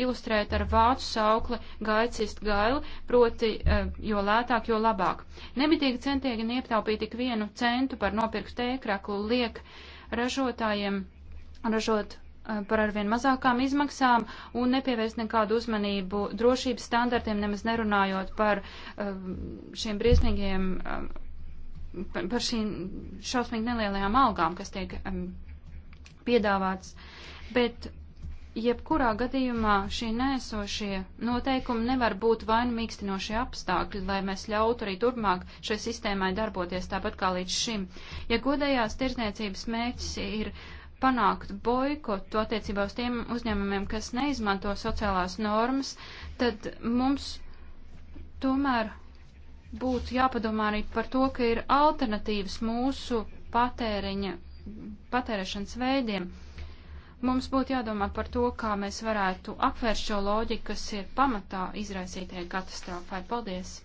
ilustrēt ar vācu saukli gaicist gaili, proti, um, jo lētāk, jo labāk. Nebitīgi centiegi ietaupīt tik vienu centu par nopirktu ēkraklu liek ražotājiem ražot um, par arvien mazākām izmaksām un nepievērst nekādu uzmanību drošības standartiem, nemaz nerunājot par um, šiem briesmīgiem um, par, par šīm šausmīgi nelielajām algām, kas tiek um, piedāvāts. Bet jebkurā gadījumā šie nēsošie noteikumi nevar būt vainu mīkstinošie apstākļi, lai mēs ļautu arī turpmāk šai sistēmai darboties tāpat kā līdz šim. Ja godējās tirzniecības mērķis ir panākt boikotu attiecībā uz tiem uzņēmumiem, kas neizmanto sociālās normas, tad mums tomēr būtu jāpadomā arī par to, ka ir alternatīvas mūsu patēriņa, patērēšanas veidiem. Mums būtu jādomā par to, kā mēs varētu apvērst šo loģiku, kas ir pamatā izraisītajai katastrofai. Paldies!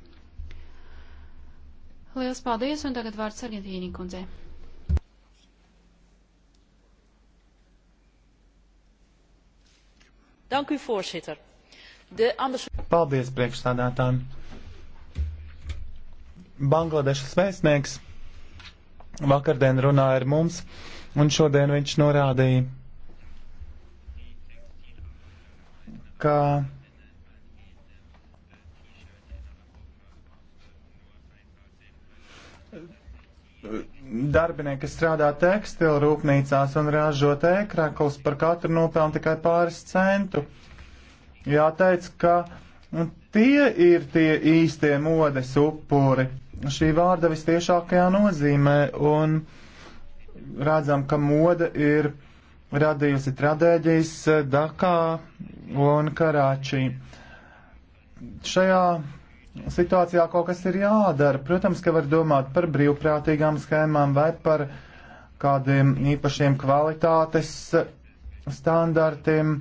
Liels paldies, un tagad vārds Argentīnī kundzei. Dank u, voorzitter. De ambassadeur. Paldies, priekšstādātājiem. Bangladešas vēstnieks vakardien runāja ar mums, un šodien viņš norādīja, ka darbinieki, kas strādā tekstilu rūpnīcās un ražo tēkraklus, par katru nopelna tikai pāris centu. Jāteic, ka nu, tie ir tie īstie modes upuri šī vārda vistiešākajā nozīmē, un redzam, ka moda ir radījusi tradēģijas Dakā un Karāčī. Šajā situācijā kaut kas ir jādara. Protams, ka var domāt par brīvprātīgām schēmām vai par kādiem īpašiem kvalitātes standartiem,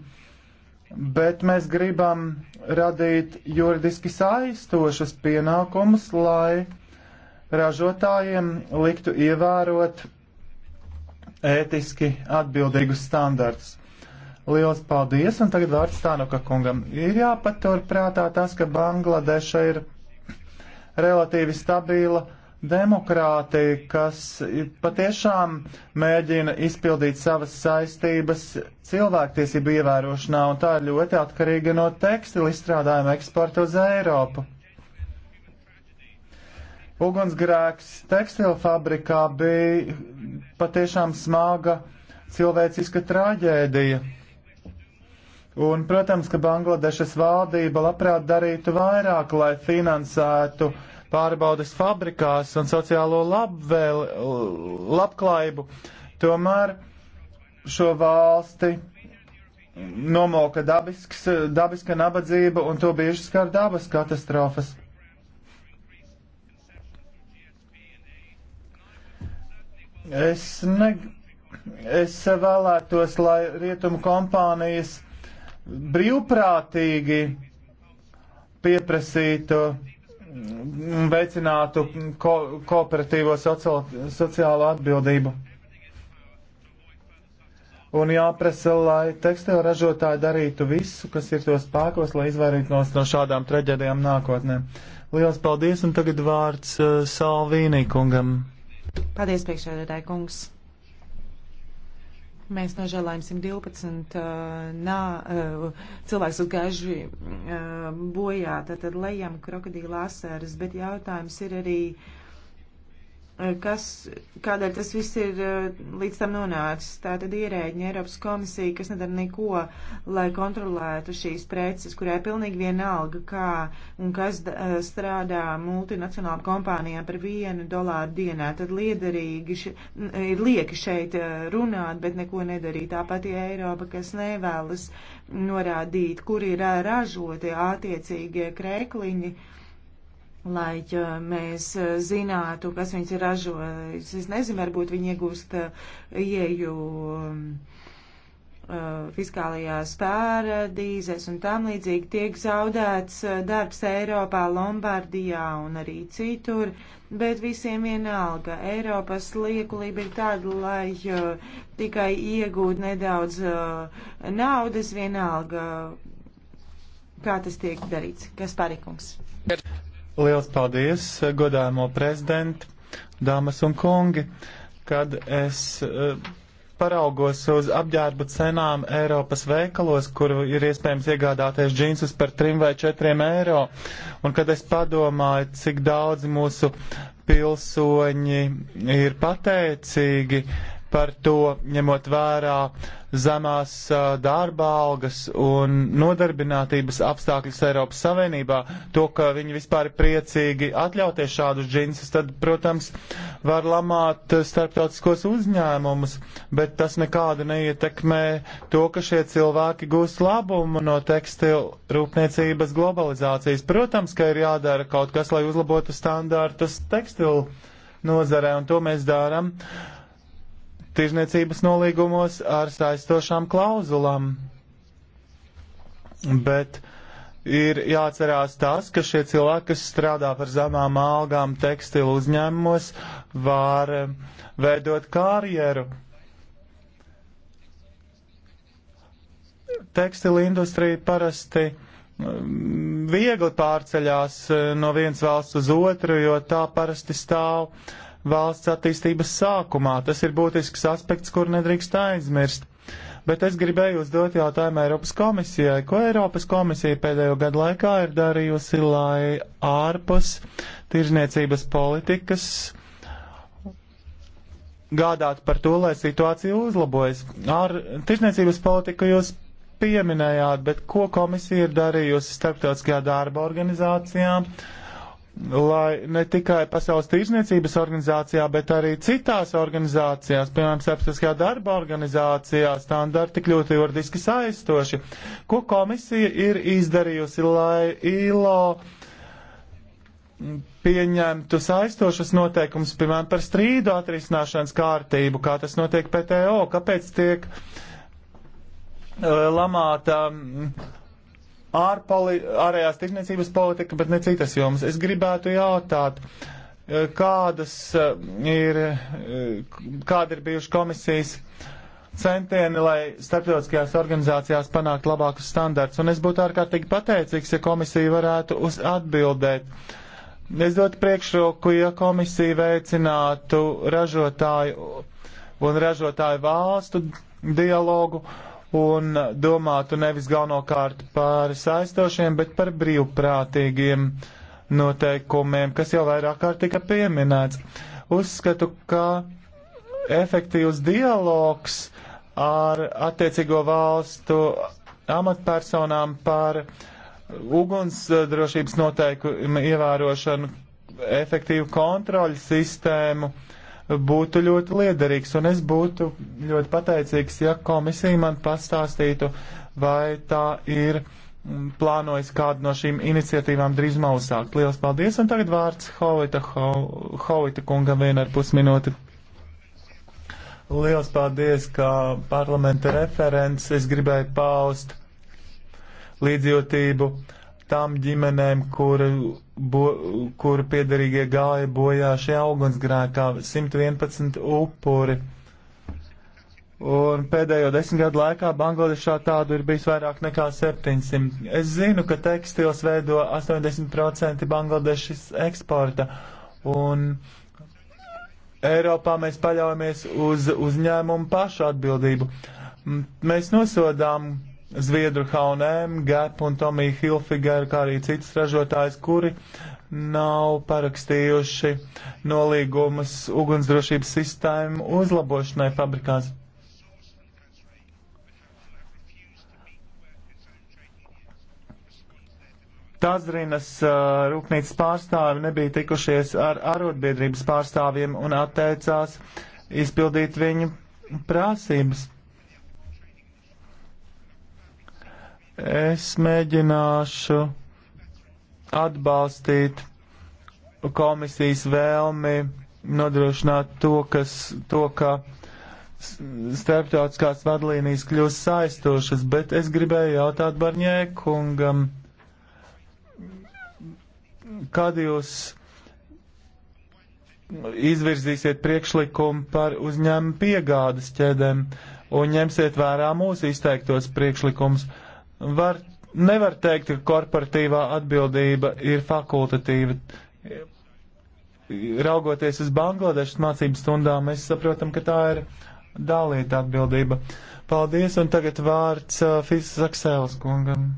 bet mēs gribam radīt juridiski saistošas pienākumus, lai ražotājiem liktu ievērot ētiski atbildīgus standartus. Liels paldies, un tagad vārds Tānuka kungam. Ir jāpatur prātā tas, ka Bangladeša ir relatīvi stabila demokrātija, kas patiešām mēģina izpildīt savas saistības cilvēktiesību ievērošanā, un tā ir ļoti atkarīga no tekstila izstrādājuma eksporta uz Eiropu. Ugunsgrēks tekstilfabrikā bija patiešām smaga cilvēciska traģēdija. Un, protams, ka Bangladešas valdība labprāt darītu vairāk, lai finansētu pārbaudas fabrikās un sociālo labvēl, labklājību. Tomēr šo valsti nomoka dabisks, dabiska nabadzība un to bieži skar dabas katastrofas. Es, ne, es vēlētos, lai rietumu kompānijas brīvprātīgi pieprasītu veicinātu ko, kooperatīvo sociālo, sociālo atbildību. Un jāprasa, lai tekstilu ražotāji darītu visu, kas ir to spēkos, lai izvairītos no šādām traģēdijām nākotnē. Lielas paldies, un tagad vārds uh, Salvīnī kungam. Paldies, priekšsēdētāji kungs. Mēs nožēlājam 112 uh, nā, uh, cilvēks uz gaži uh, bojā, tad, tad lejam krokodīla asaras, bet jautājums ir arī. Uh, Eh, kas, kādēļ tas viss ir eh, līdz tam nonācis. Tā tad ierēģiņa Eiropas komisija, kas nedara neko, lai kontrolētu šīs preces, kurai pilnīgi vienalga, kā un kas eh, strādā multinacionāla kompānijā par vienu dolāru dienā. Tad liederīgi še, ir lieki šeit runāt, bet neko nedarīt. Tāpat ir Eiropa, kas nevēlas norādīt, kur ir ražotie attiecīgie krēkliņi. Uh, lai ja mēs eh, zinātu, kas viņas ir ražojis. Es nezinu, varbūt viņi iegūst eh, ieju um, eh, fiskālajās pārdīzēs un tam līdzīgi tiek zaudēts darbs Eiropā, Lombardijā un arī citur, bet visiem vienalga. Eiropas liekulība ir tāda, lai tikai iegūt nedaudz naudas vienalga, kā tas tiek darīts. Kas parikums? Liels paldies, godājumo prezidenti, dāmas un kungi, kad es eh, paraugos uz apģērba cenām Eiropas veikalos, kur ir iespējams iegādāties džinsus par 3 vai 4 eiro, un kad es padomāju, cik daudz mūsu pilsoņi ir pateicīgi par to, ņemot vērā zemās darba algas un nodarbinātības apstākļus Eiropas Savienībā, to, ka viņi vispār ir priecīgi atļauties šādus džinsus, tad, protams, var lamāt starptautiskos uzņēmumus, bet tas nekādu neietekmē to, ka šie cilvēki gūst labumu no tekstilu rūpniecības globalizācijas. Protams, ka ir jādara kaut kas, lai uzlabotu standārtus tekstilu nozarē, un to mēs darām. Uh, tirzniecības nolīgumos ar saistošām klauzulām. Bet ir jāatcerās tas, ka šie cilvēki, kas strādā par zemām algām tekstilu uzņēmumos, var eh, veidot karjeru. Tekstila industrija parasti mm, viegli pārceļās eh, no vienas valsts uz otru, jo tā parasti stāv valsts attīstības sākumā. Tas ir būtisks aspekts, kur nedrīkst aizmirst. Bet es gribēju uzdot jautājumu Eiropas komisijai, ko Eiropas komisija pēdējo gadu laikā ir darījusi, lai ārpus tirzniecības politikas gādāt par to, lai situācija uzlabojas. Ar tirzniecības politiku jūs pieminējāt, bet ko komisija ir darījusi starptautiskajā darba organizācijā? Uh, lai ne tikai Pasaules tīrzniecības organizācijā, bet arī citās organizācijās, piemēram, starptautiskajā darba organizācijā, standarti kļūtu juridiski saistoši. Ko komisija ir izdarījusi, lai ILO pieņemtu saistošas noteikumus, piemēram, par strīdu atrisināšanas kārtību, kā tas notiek PTO, kāpēc tiek uh, lamāta. Um, ārpoli, ārējās tirdzniecības politika, bet ne citas jomas. Es gribētu jautāt, eh, kādas eh, ir, eh, kāda ir bijuši komisijas centieni, lai starptautiskajās organizācijās panākt labākus standarts, un es būtu ārkārtīgi pateicīgs, ja komisija varētu uz atbildēt. Es dotu priekšroku, ja komisija veicinātu ražotāju un ražotāju valstu dialogu, uh, un domātu nevis galvenokārt par saistošiem, bet par brīvprātīgiem noteikumiem, kas jau vairāk kārt tika pieminēts. Uzskatu, ka efektīvs dialogs ar attiecīgo valstu amatpersonām par ugunsdrošības noteikumu ievērošanu, efektīvu kontroļu sistēmu būtu ļoti liederīgs, un es būtu ļoti pateicīgs, ja komisija man pastāstītu, vai tā ir mm, plānojis kādu no šīm iniciatīvām drīzumā uzsākt. Lielas paldies, un tagad vārds Hovita, Hovita kungam viena ar pusminūti. Lielas paldies, kā parlamenta referents. Es gribēju paust līdzjūtību tām ģimenēm, kura, bo, kura piedarīgie gāja bojā šajā ugunsgrēkā, 111 upuri. Un pēdējo desmit gadu laikā Bangladešā tādu ir bijis vairāk nekā 700. Es zinu, ka tekstils veido 80% Bangladešas eksporta, un Eiropā mēs paļaujamies uz uzņēmumu pašu atbildību. Mēs nosodām Zviedru Haunēm, Gap un Tomiju Hilfigeru, kā arī citas ražotājs, kuri nav parakstījuši nolīgumus ugunsdrošības sistēmu uzlabošanai fabrikās. Tazrinas uh, rūpnīcas pārstāvi nebija tikušies ar arotbiedrības pārstāvjiem un atteicās izpildīt viņu prasības. Es mēģināšu atbalstīt komisijas vēlmi nodrošināt to, kas, to ka starptautiskās vadlīnijas kļūs saistošas, bet es gribēju jautāt Barņē kungam, kad jūs izvirzīsiet priekšlikumu par uzņēmumu piegādes ķēdēm un ņemsiet vērā mūsu izteiktos priekšlikumus. Uh, var, nevar teikt, ka korporatīvā atbildība ir fakultatīva. Raugoties uz Bangladešas mācību stundām, mēs saprotam, ka tā ir dalīta atbildība. Paldies, un tagad vārds uh, Fisas Aksēlas kungam.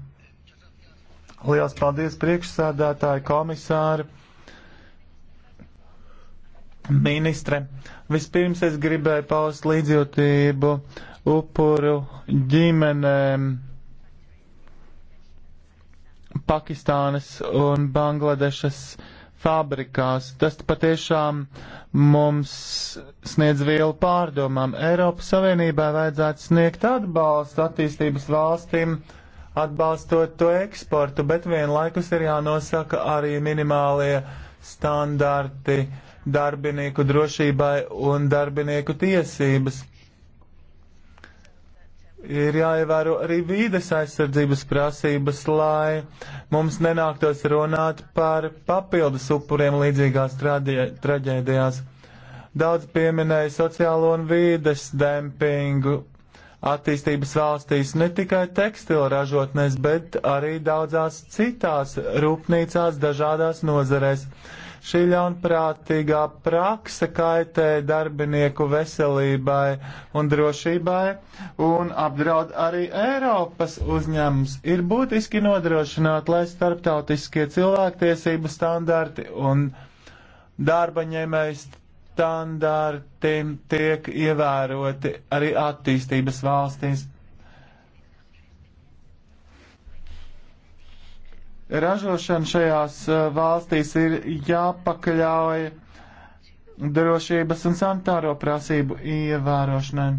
Liels paldies priekšsādātāji, komisāri, ministre. Vispirms es gribēju paust līdzjūtību upuru ģimenēm Pakistānas un Bangladešas fabrikās. Tas patiešām mums sniedz vielu pārdomām. Eiropas Savienībai vajadzētu sniegt atbalstu attīstības valstīm, atbalstot to eksportu, bet vienlaikus ir jānosaka arī minimālie standarti darbinieku drošībai un darbinieku tiesības ir jāievēro arī vīdes aizsardzības prasības, lai mums nenāktos runāt par papildus upuriem līdzīgās traģēdijās. Daudz pieminēja sociālo un vīdes dempingu attīstības valstīs ne tikai tekstila ražotnēs, bet arī daudzās citās rūpnīcās dažādās nozarēs. Šī ļaunprātīgā prakse kaitē darbinieku veselībai un drošībai un apdraud arī Eiropas uzņēmums. Ir būtiski nodrošināt, lai starptautiskie cilvēktiesību standarti un darba ņēmējs standarti tiek ievēroti arī attīstības valstīs. ražošana šajās eh, valstīs ir jāpakaļauj drošības un sanitāro prasību ievērošanai.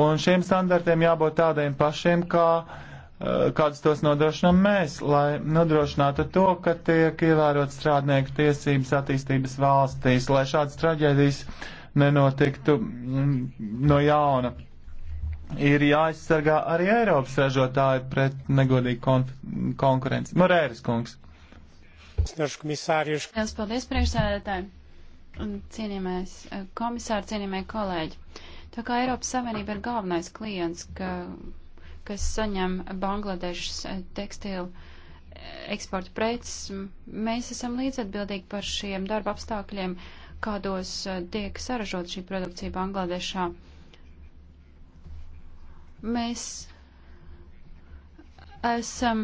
Un šiem standartiem jābūt tādiem pašiem, kā, eh, kādus tos nodrošinām mēs, lai nodrošinātu to, ka tiek ievērot strādnieku tiesības attīstības valstīs, lai šādas traģēdijas nenotiktu mm, no jauna ir jāaizsargā arī Eiropas ražotāji pret negodīgu konkurenci. Morēras kungs. Liels paldies priekšsēdētāji un cienījamais eh, komisāri, cienījamie kolēģi. Tā kā Eiropas Savienība ir galvenais klients, ka, kas saņem Bangladešas eh, tekstilu eh, eksporta preces, mēs esam līdzatbildīgi par šiem darba apstākļiem, kādos tiek saražot šī produkcija Bangladešā. Uh, Mēs esam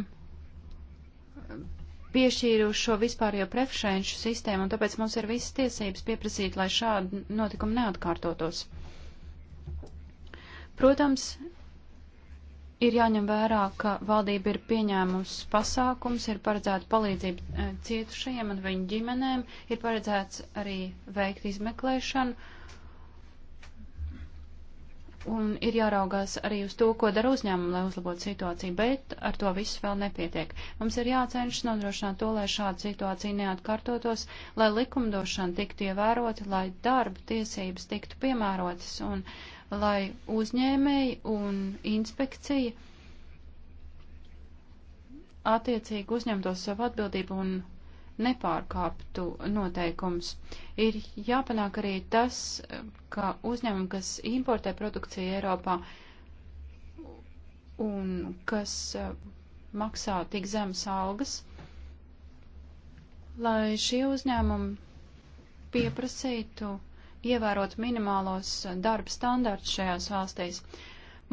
piešķīruši šo vispārējo preferenču sistēmu, un tāpēc mums ir visas tiesības pieprasīt, lai šādi notikumi neatkārtotos. Protams, ir jāņem vērā, ka valdība ir pieņēmusi pasākums, ir paredzēta palīdzība e, cietušajiem un viņu ģimenēm, ir paredzēts arī veikt izmeklēšanu, un ir jāraugās arī uz to, ko dara uzņēmumi, lai uzlabotu situāciju, bet ar to viss vēl nepietiek. Mums ir jācenšas nodrošināt to, lai šāda situācija neatkārtotos, lai likumdošana tiktu ievērota, lai darba tiesības tiktu piemērotas un lai uzņēmēji un inspekcija attiecīgi uzņemtos savu atbildību un nepārkāptu noteikums. Ir jāpanāk arī tas, ka uzņēmumi, kas importē produkciju Eiropā un kas e, maksā tik zemas algas, lai šie uzņēmumi pieprasītu ievērot minimālos darba standartus šajās valstīs.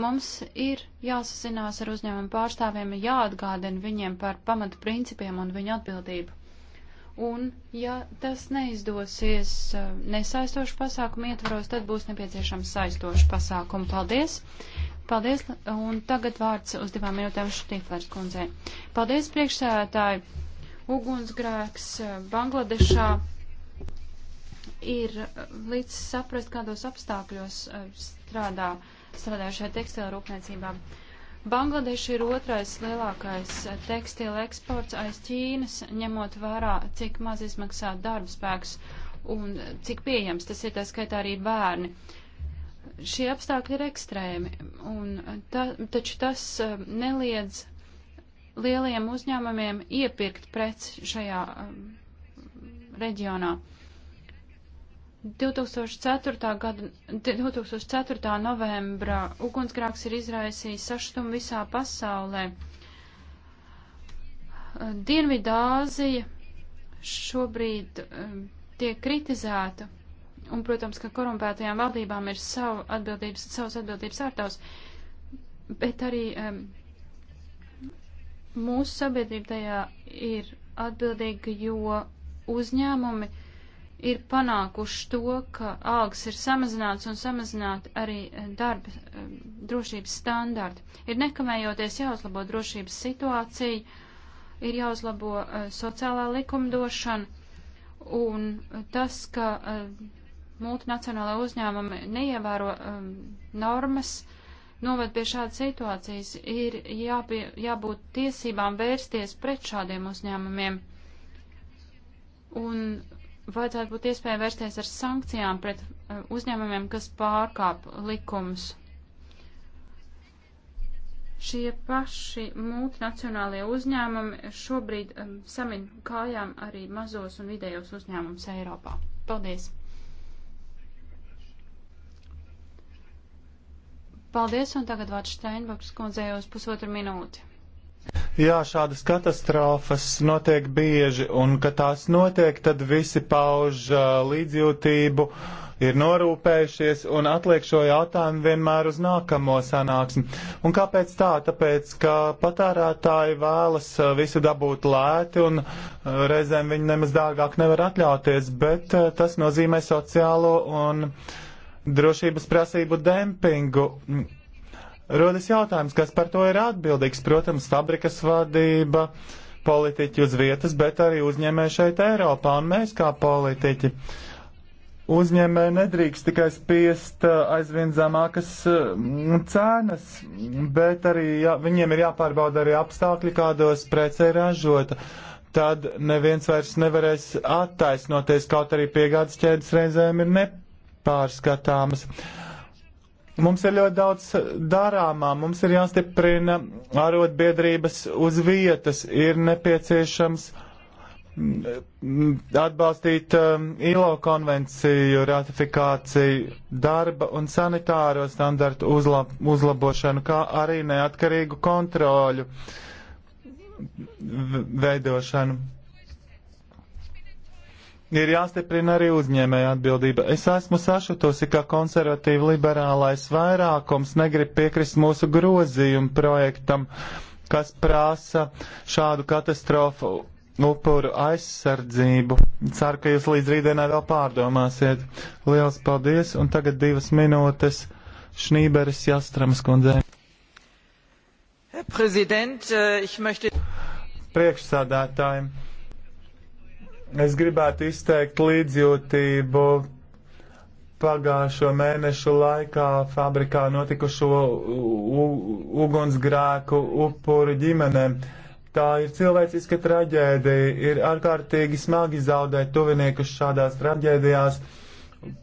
Mums ir jāsasinās ar uzņēmumu pārstāvjiem, jāatgādina viņiem par pamatu principiem un viņu atbildību. Un, ja tas neizdosies eh, nesaistošu pasākumu ietvaros, tad būs nepieciešams saistošu pasākumu. Paldies! Paldies! Un tagad vārds uz divām minūtēm Štīflers kundzei. Paldies, priekšsēdētāji! Ugunsgrēks eh, Bangladešā ir eh, līdz saprast, kādos apstākļos strādā, strādājušajā tekstila rūpniecībā. Uh, Bangladeša ir otrais lielākais tekstila eksports aiz Ķīnas, ņemot vērā, cik maz izmaksā darba spēks un cik pieejams tas ir, tā skaitā arī bērni. Šie apstākļi ir ekstrēmi, un ta, taču tas um, neliedz lieliem uzņēmumiem iepirkt preci šajā um, reģionā. 2004. gada 2004. novembra ugunsgrāks ir izraisījis saštumu visā pasaulē. Dienvidāzija šobrīd um, tiek kritizēta, un, protams, ka korumpētajām valdībām ir savu atbildības, savas atbildības ārtaus, bet arī um, mūsu sabiedrība tajā ir atbildīga, jo uzņēmumi ir panākuši to, ka algas ir samazināts un samazināti arī eh, darba eh, drošības standarti. Ir nekavējoties jāuzlabo drošības situācija, ir jāuzlabo uh, sociālā likumdošana un tas, ka uh, multinacionālā uzņēmuma neievēro um, normas, novad pie šādas situācijas, ir jāpie, jābūt tiesībām vērsties pret šādiem uzņēmumiem. Un vajadzētu būt iespēja vērsties ar sankcijām pret eh, uzņēmumiem, kas pārkāp likums. Šie paši multinacionālie uzņēmumi šobrīd um, samin kājām arī mazos un vidējos uzņēmumus Eiropā. Paldies! Paldies, un tagad vārds Steinbaks kundzei uz pusotru minūti. Jā, šādas katastrofas notiek bieži, un kad tās notiek, tad visi pauž uh, līdzjūtību, ir norūpējušies un atliek šo jautājumu vienmēr uz nākamo sanāksmi. Un kāpēc tā? Tāpēc, ka patērētāji vēlas uh, visu dabūt lēti, un uh, reizēm viņi nemaz dārgāk nevar atļauties, bet uh, tas nozīmē sociālo un drošības prasību dempingu. Mm rodas jautājums, kas par to ir atbildīgs. Protams, fabrikas vadība, politiķi uz vietas, bet arī uzņēmēji šeit Eiropā un mēs kā politiķi. Uzņēmēji nedrīkst tikai spiest uh, aizvien zemākas uh, cenas, bet arī jā, viņiem ir jāpārbauda arī apstākļi, kādos prece ir ražota. Tad neviens vairs nevarēs attaisnoties, kaut arī piegādes ķēdes reizēm ir nepārskatāmas. Uh, Mums ir ļoti daudz darāmā, mums ir jāstiprina arotbiedrības uz vietas, ir nepieciešams mm, atbalstīt um, ILO konvenciju, ratifikāciju, darba un sanitāro standartu uzlab uzlabošanu, kā arī neatkarīgu kontroļu veidošanu ir jāstiprina arī uzņēmēja atbildība. Es esmu sašutusi, ka konservatīva liberālais vairākums negrib piekrist mūsu grozījumu projektam, kas prasa šādu katastrofu upuru aizsardzību. Ceru, ka jūs līdz rītdienai vēl pārdomāsiet. Lielas paldies, un tagad divas minūtes Šnīberis Jastramas kundzē. Prezident, äh, ich möchte. Priekšsādātājiem Es gribētu izteikt līdzjūtību pagājušo mēnešu laikā fabrikā notikušo ugunsgrēku upuru ģimenēm. Tā ir cilvēciska traģēdija, ir ārkārtīgi smagi zaudēt tuviniekus šādās traģēdijās.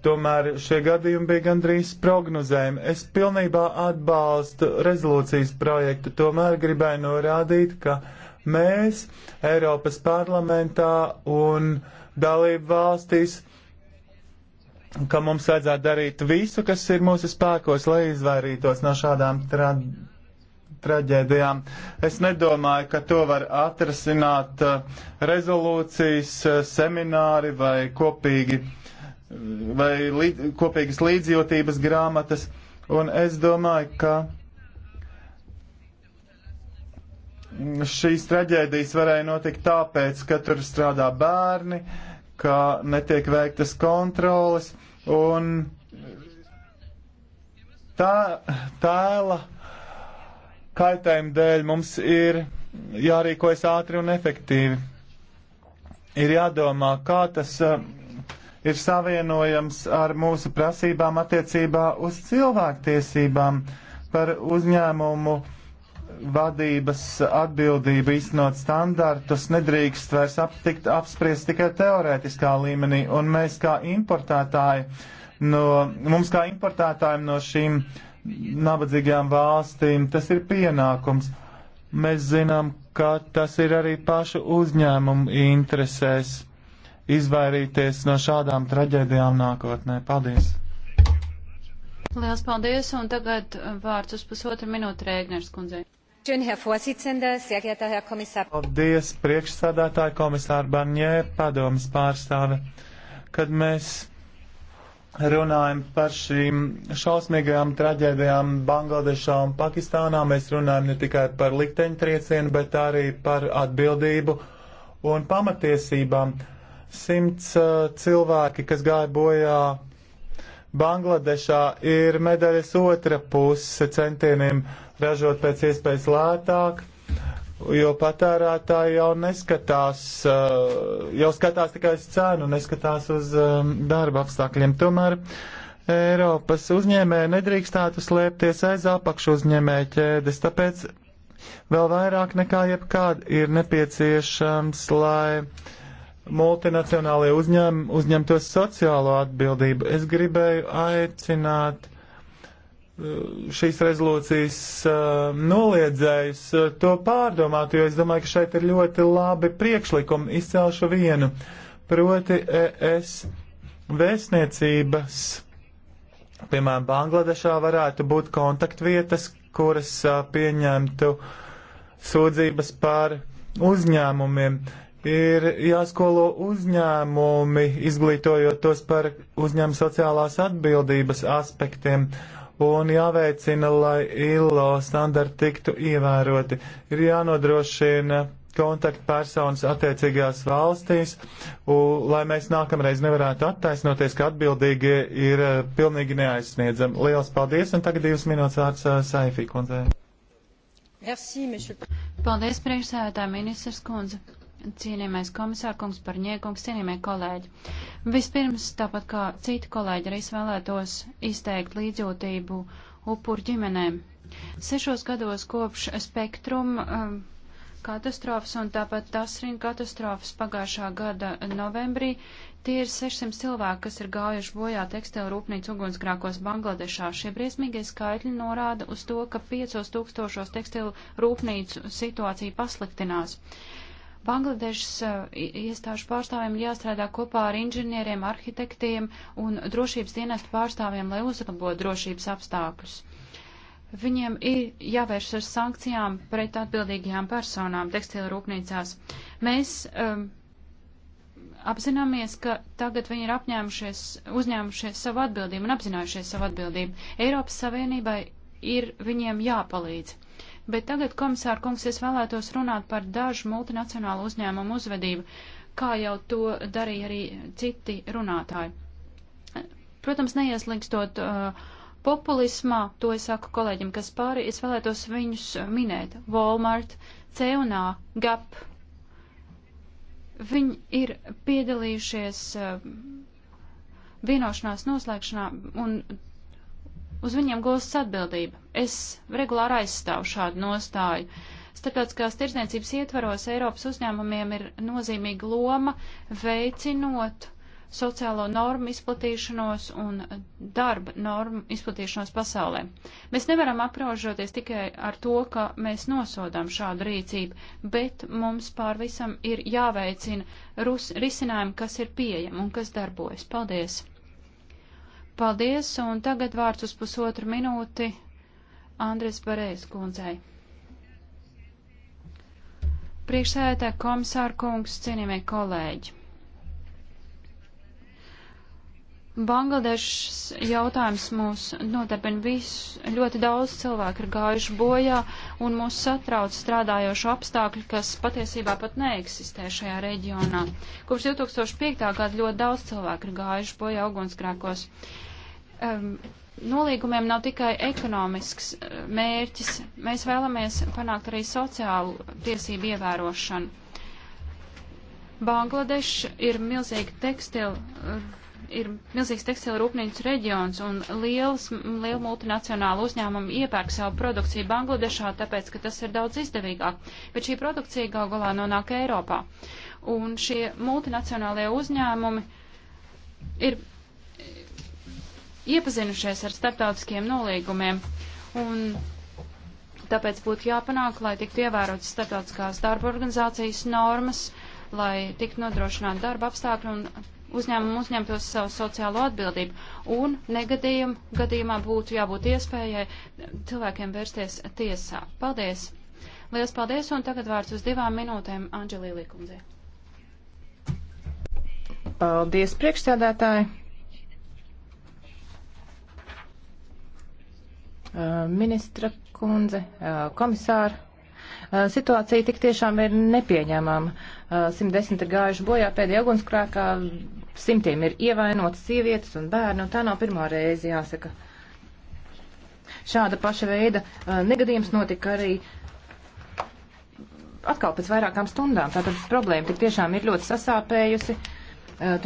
Tomēr šie gadījumi bija gandrīz prognozējumi. Es pilnībā atbalstu rezolūcijas projektu, tomēr gribēju norādīt, ka uh, mēs Eiropas parlamentā un dalību valstīs, ka mums vajadzētu darīt visu, kas ir mūsu spēkos, lai izvairītos no šādām tra traģēdijām. Es nedomāju, ka to var atrasināt uh, rezolūcijas, uh, semināri vai kopīgi vai lī, kopīgas līdzjūtības grāmatas. Un es domāju, ka šīs traģēdijas varēja notikt tāpēc, ka tur strādā bērni, ka netiek veiktas kontroles un tā tēla kaitējuma dēļ mums ir jārīkojas ātri un efektīvi. Ir jādomā, kā tas uh, ir savienojams ar mūsu prasībām attiecībā uz cilvēktiesībām par uzņēmumu vadības atbildība īstenot standartus nedrīkst vairs aptikt apspriest tikai teorētiskā līmenī, un mēs kā importētāji, no, mums kā importētājiem no šīm nabadzīgajām valstīm tas ir pienākums. Mēs zinām, ka tas ir arī pašu uzņēmumu interesēs izvairīties no šādām traģēdijām nākotnē. Paldies! Liels paldies, un tagad vārds uz pusotru minūtu Rēgners kundzei. Paldies, priekšsādātāja komisāra Barņē, padomas pārstāve. Kad mēs runājam par šīm šausmīgajām traģēdijām Bangladešā un Pakistānā, mēs runājam ne tikai par likteņtriecienu, bet arī par atbildību un pamatiesībām. Simts uh, cilvēki, kas gāja bojā Bangladešā, ir medaļas otra puse centieniem ražot pēc iespējas lētāk, jo patērētāji jau neskatās, eh, jau skatās tikai uz cenu, neskatās uz eh, darba apstākļiem. Tomēr Eiropas uzņēmēji nedrīkstētu slēpties aiz apakšu uzņēmēju ķēdes, tāpēc vēl vairāk nekā jebkād ir nepieciešams, lai multinacionālie uzņēm, uzņemtos sociālo atbildību. Es gribēju aicināt uh, šīs rezolūcijas eh, noliedzējus eh, to pārdomāt, jo es domāju, ka šeit ir ļoti labi priekšlikumi. Izcelšu vienu, proti es vēstniecības, piemēram, Bangladešā varētu būt kontaktvietas, kuras eh, pieņemtu sūdzības par uzņēmumiem. Ir jāskolo uzņēmumi, izglītojot tos par uzņēmu sociālās atbildības aspektiem un jāveicina, lai ILO standarti tiktu ievēroti. Ir jānodrošina kontaktpersonas attiecīgās valstīs, un, lai mēs nākamreiz nevarētu attaisnoties, ka atbildīgie ir e, pilnīgi neaizsniedzami. Lielas paldies, un tagad divas minūtes vārds e, Saifī kundzei. Paldies, priekšsēdētāja ministrs kundze. Cienījamais komisārkungs, parņiekungs, cienījamie kolēģi. Vispirms, tāpat kā citi kolēģi, arī es vēlētos izteikt līdzjūtību upuru ģimenēm. Sešos gados kopš spektrum um, katastrofas un tāpat tasrin katastrofas pagājušā gada novembrī tie ir 600 cilvēki, kas ir gājuši bojā tekstilu rūpnīcu ugunsgrākos Bangladešā. Šie briesmīgie skaitļi norāda uz to, ka 5000 tekstilu rūpnīcu situācija pasliktinās. Uh, Bangladešas uh, iestāžu pārstāvjiem jāstrādā kopā ar inženieriem, arhitektiem un drošības dienestu pārstāvjiem, lai uzlabotu drošības apstākļus. Viņiem ir jāvērš ar sankcijām pret atbildīgajām personām tekstila rūpnīcās. Mēs um, apzināmies, ka tagad viņi ir apņēmušies, uzņēmušies savu atbildību un apzinājušies savu atbildību. Eiropas Savienībai ir viņiem jāpalīdz. Bet tagad, komisāra kungs, es vēlētos runāt par dažu multinacionālu uzņēmumu uzvedību, kā jau to darīja arī citi runātāji. Protams, neieslīgstot uh, populismā, to es saku kolēģim, kas pāri, es vēlētos viņus minēt. Walmart, C&A, Gap. Viņi ir piedalījušies uh, vienošanās noslēgšanā un uz viņiem gūstas atbildība. Es regulāri aizstāvu šādu nostāju. Starptautiskās tirdzniecības ietvaros Eiropas uzņēmumiem ir nozīmīga loma veicinot sociālo normu izplatīšanos un darba normu izplatīšanos pasaulē. Mēs nevaram aprožoties tikai ar to, ka mēs nosodām šādu rīcību, bet mums pārvisam ir jāveicina rus, risinājumi, kas ir pieejami un kas darbojas. Paldies! Paldies, un tagad vārds uz pusotru minūti Andres Barēs kundzei. Priekšsēdētā komisāra kungs, cienījamie kolēģi. Bangladešas jautājums mūs nodarbina visus. Ļoti daudz cilvēku ir gājuši bojā un mūs satrauc strādājošu apstākļi, kas patiesībā pat neeksistē šajā reģionā. Kopš 2005. gada ļoti daudz cilvēku ir gājuši bojā ugunsgrēkos. Uh, um, nolīgumiem nav tikai ekonomisks eh, mērķis, mēs vēlamies panākt arī sociālu tiesību ievērošanu. Bangladeša ir milzīga tekstila, ir milzīgs tekstila rūpnīcu reģions un liels, liela multinacionāla uzņēmuma iepērk savu produkciju Bangladešā, tāpēc, ka tas ir daudz izdevīgāk, bet šī produkcija gal galā nonāk Eiropā. Un šie multinacionālie uzņēmumi ir iepazinušies ar starptautiskiem nolīgumiem. Un tāpēc būtu jāpanāk, lai tiktu ievērotas starptautiskās darba organizācijas normas, lai tiktu nodrošināti darba apstākļi un uzņēmumu uzņemtos savu sociālo atbildību. Un negadījumu gadījumā būtu jābūt iespējai cilvēkiem vērsties tiesā. Paldies! Lielas paldies, un tagad vārds uz divām minūtēm Anģelī Likumzē. Paldies, priekšsēdētāji! Eh, ministra kundze, eh, komisāra. Eh, situācija tik tiešām ir nepieņemama. 110 ir gājuši bojā pēdējā ugunskrākā, simtiem ir ievainotas sievietes un bērni, un tā nav pirmā reize, jāsaka. Šāda paša veida negadījums notika arī atkal pēc vairākām stundām. Tātad problēma tik tiešām ir ļoti sasāpējusi.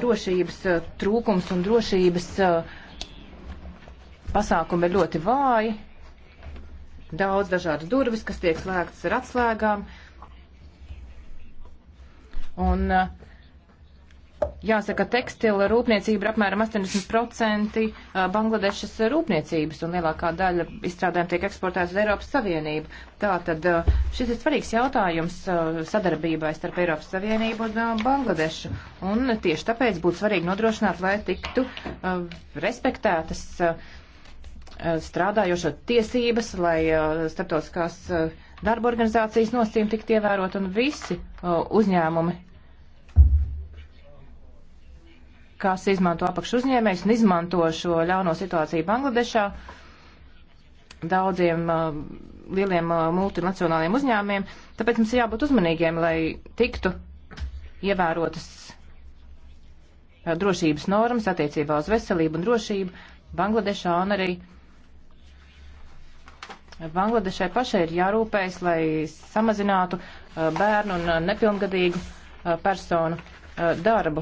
Drošības trūkums un drošības uh, pasākumi ir ļoti vāji, daudz dažādas durvis, kas tiek slēgtas ar atslēgām. Un eh, jāsaka, tekstila rūpniecība ir apmēram 80% eh, Bangladešas rūpniecības, un lielākā daļa izstrādājuma tiek eksportēta uz Eiropas Savienību. Tātad eh, šis ir svarīgs jautājums sadarbībai starp Eiropas Savienību un Bangladešu, un tieši tāpēc būtu svarīgi nodrošināt, lai tiktu respektētas. Uh, Eh, strādājošo tiesības, lai eh, starptautiskās eh, darba organizācijas nosīm tikt ievērot un visi uzņēmumi, kas izmanto apakšu uzņēmējs un izmanto šo ļauno situāciju Bangladešā, daudziem lieliem multinacionāliem uzņēmiem, tāpēc mums ir jābūt uzmanīgiem, lai tiktu ievērotas drošības normas attiecībā uz veselību un drošību Bangladešā un arī uh, Bangladešai pašai ir jārūpējas, lai samazinātu uh, bērnu un uh, nepilngadīgu uh, personu darbu.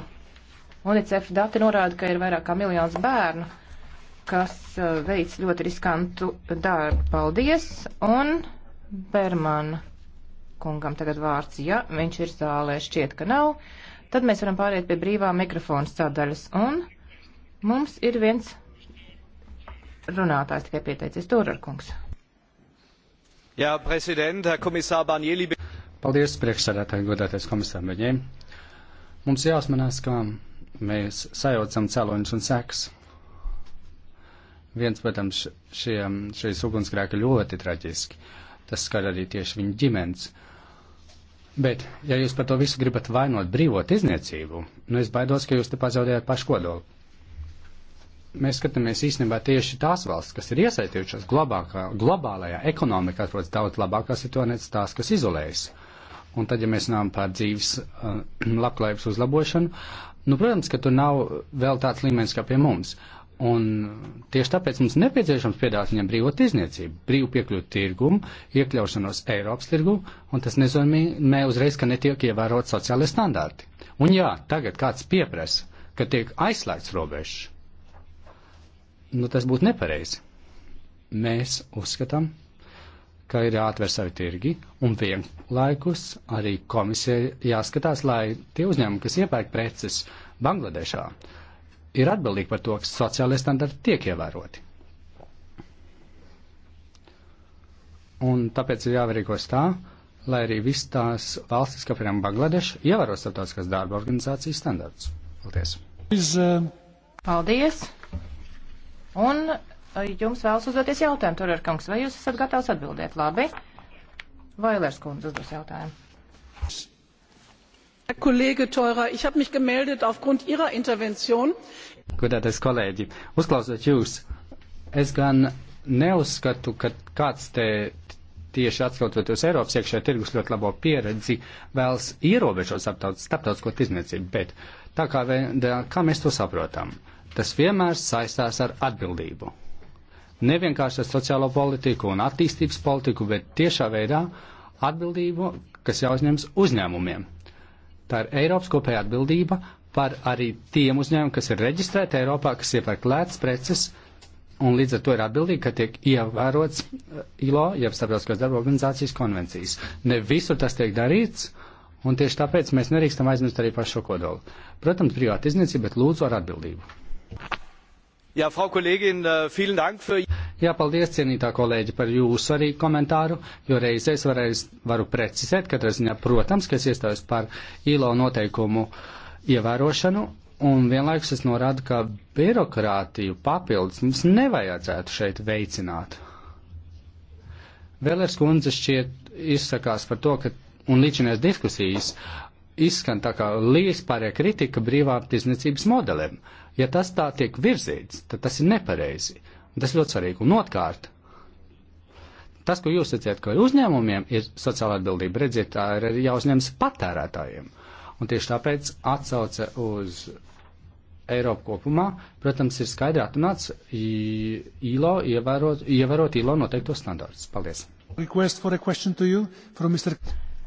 UNICEF dati norāda, ka ir vairāk kā miljons bērnu, kas veic ļoti riskantu darbu. Paldies! Un Bermana kungam tagad vārds, ja viņš ir zālē, šķiet, ka nav. Tad mēs varam pāriet pie brīvā mikrofona sadaļas. Un mums ir viens runātājs tikai pieteicies, Tūrar kungs. Jā, prezident, komisār Barnier, liebe. Paldies, priekšsēdētāji, godātais komisār Barnier. Mums jāsmanās, ka mēs sajaucam cēloņus un sekas. Viens, protams, šie, šīs ugunsgrēki ļoti traģiski. Tas skar arī tieši viņu ģimenes. Bet, ja jūs par to visu gribat vainot brīvo tirzniecību, nu es baidos, ka jūs te pazaudējat pašu kodolu mēs skatāmies īstenībā tieši tās valsts, kas ir iesaistījušās globālā, globālajā ekonomikā, protams, daudz labākā situācija tās, kas izolējas. Un tad, ja mēs runājam par dzīves uh, labklājības uzlabošanu, nu, protams, ka tur nav vēl tāds līmenis kā pie mums. Un tieši tāpēc mums nepieciešams piedāvāt viņam brīvo tirzniecību, brīvu piekļuvi tirgumu, iekļaušanos Eiropas tirgu, un tas nenozīmē uzreiz, ka netiek ievērot sociālai standarti. Un jā, tagad kāds pieprasa, ka tiek aizslēgts robežs, nu, tas būtu nepareizi. Mēs uzskatām, ka ir jāatver savi tirgi, un vienlaikus arī komisija jāskatās, lai tie uzņēmumi, kas iepērk preces Bangladešā, ir atbildīgi par to, ka sociālai standarti tiek ievēroti. Un tāpēc ir jāvērīkos tā, lai arī viss tās valstis, kā piemēram Bangladeša, ievēro starptautiskās darba organizācijas standartus. Paldies! Uh, Paldies! Un eh, jums vēlas uzdoties jautājumu, Turēr kungs, vai jūs esat gatavs atbildēt? Labi. Vailers kundze uzdos jautājumu. Herr Kollege Teurer, ich habe mich gemeldet aufgrund Ihrer Intervention. Godātais kolēģi, uzklausot jūs, es gan neuzskatu, ka kāds te tieši atskatoties Eiropas iekšē tirgus ļoti labo pieredzi, vēlas ierobežot starptautisko tirzniecību, bet tā kā, vien, kā mēs to saprotam, uh, tas vienmēr saistās ar atbildību. Nevienkārši ar sociālo politiku un attīstības politiku, bet tiešā veidā atbildību, kas jāuzņems uzņēmumiem. Tā ir Eiropas kopēja atbildība par arī tiem uzņēmumiem, kas ir reģistrēti Eiropā, kas iepērk lētas preces, un līdz ar to ir atbildīgi, ka tiek ievērots uh, ILO, jeb Starptautiskās darba organizācijas konvencijas. Ne visur tas tiek darīts, un tieši tāpēc mēs nerīkstam aizmirst arī par šo kodolu. Protams, privāta izniecība, bet lūdzu ar atbildību. Jā, Frau Kolēģin, äh, vielen Dank für. Jā, paldies, cienītā kolēģi, par jūsu arī komentāru, jo reizēs varēs, varu precisēt, ka tas, protams, ka es iestājos par ILO noteikumu ievērošanu, un vienlaikus es norādu, ka birokrātiju papildus mums nevajadzētu šeit veicināt. Vēlers kundze šķiet izsakās par to, ka, un līdzinies diskusijas, izskan tā kā līdz pārējā kritika brīvā tirzniecības modelim. Uh, Ja tas tā tiek virzīts, tad tas ir nepareizi. Un tas ļoti svarīgi. Un otrkārt, tas, ko jūs teicāt, ka uzņēmumiem ir sociāla atbildība, redziet, tā ir arī jāuzņemas patērētājiem. Un tieši tāpēc atsauce uz Eiropu kopumā, protams, ir skaidri atrunāts ILO, ievērot, ievērot ILO noteikto standārts. Paldies! Request for a question to you from Mr.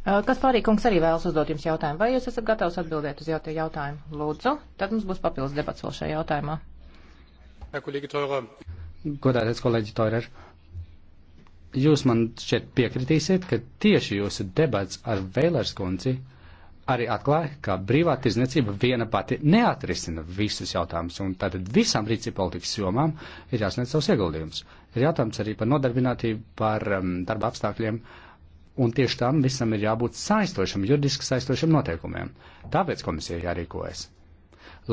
Eh, kas pārī, kungs, arī vēlas uzdot jums jautājumu. Vai jūs esat gatavs atbildēt uz jautājumu? jautājumu? Lūdzu, tad mums būs papildus debats vēl šajā jautājumā. Godātais kolēģi Toirer, jūs man šķiet piekritīsiet, ka tieši jūsu debats ar Vēlers kundzi arī atklāja, ka brīvā tirzniecība viena pati neatrisina visus jautājumus, un tātad visām rīcība politikas jomām ir jāsniedz savs ieguldījums. Ir jautājums arī par nodarbinātību, par um, darba apstākļiem. Uh, Un tieši tam visam ir jābūt saistošam, juridiski saistošam noteikumiem. Tāpēc komisija jārīkojas,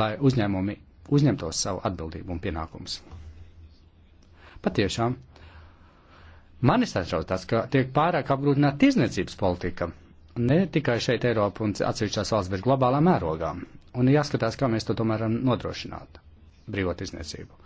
lai uzņēmumi uzņemtos savu atbildību un pienākumus. Patiešām, mani satrauc tas, ka tiek pārāk apgrūtināta tirzniecības politika, ne tikai šeit Eiropa un atsevišķās valsts, bet globālā mērogā. Un jāskatās, kā mēs to tomēr nodrošināt, brīvot tirzniecību.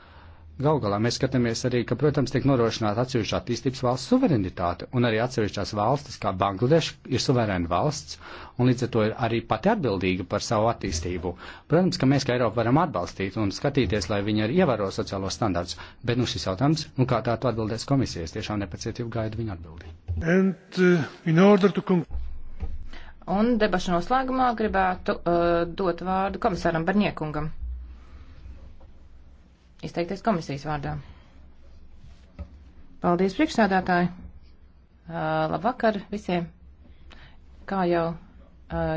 Gal galā mēs skatāmies arī, ka, protams, tiek nodrošināta atsevišķa attīstības valsts suverenitāte, un arī atsevišķās valstis, kā Bangladeša, ir suverēna valsts, un līdz ar to ir arī pati atbildīga par savu attīstību. Protams, ka mēs, kā Eiropa, varam atbalstīt un skatīties, lai viņi arī ievēro sociālo standārts, bet, nu, šis jautājums, nu, kā tā to atbildēs komisijas, tiešām nepacietību gaida viņa atbildi. And, uh, to... Un debašu noslēgumā gribētu uh, dot vārdu komisāram Barniekungam izteikties komisijas vārdā. Paldies, priekšsādātāji! Labvakar visiem! Kā jau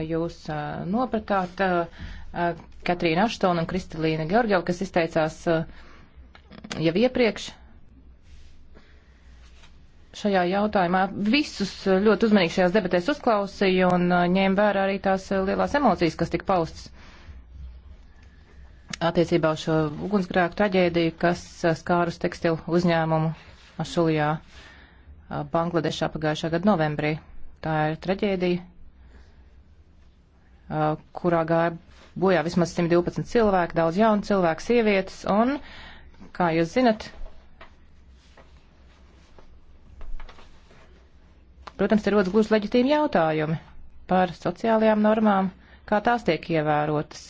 jūs nopratāt, Katrīna Aštona un Kristalīna Georgieva, kas izteicās jau iepriekš šajā jautājumā, visus ļoti uzmanīgi šajās debatēs uzklausīju un ņēmu vērā arī tās lielās emocijas, kas tika paustas attiecībā uz šo ugunsgrēku traģēdiju, kas uh, skārus tekstilu uzņēmumu Ašulijā, uh, Bangladešā pagājušā gada novembrī. Tā ir traģēdija, uh, kurā gāja bojā vismaz 112 cilvēki, daudz jaunu cilvēku, sievietes, un, kā jūs zinat, protams, ir rodas gluži leģitīmi jautājumi par sociālajām normām kā tās tiek ievērotas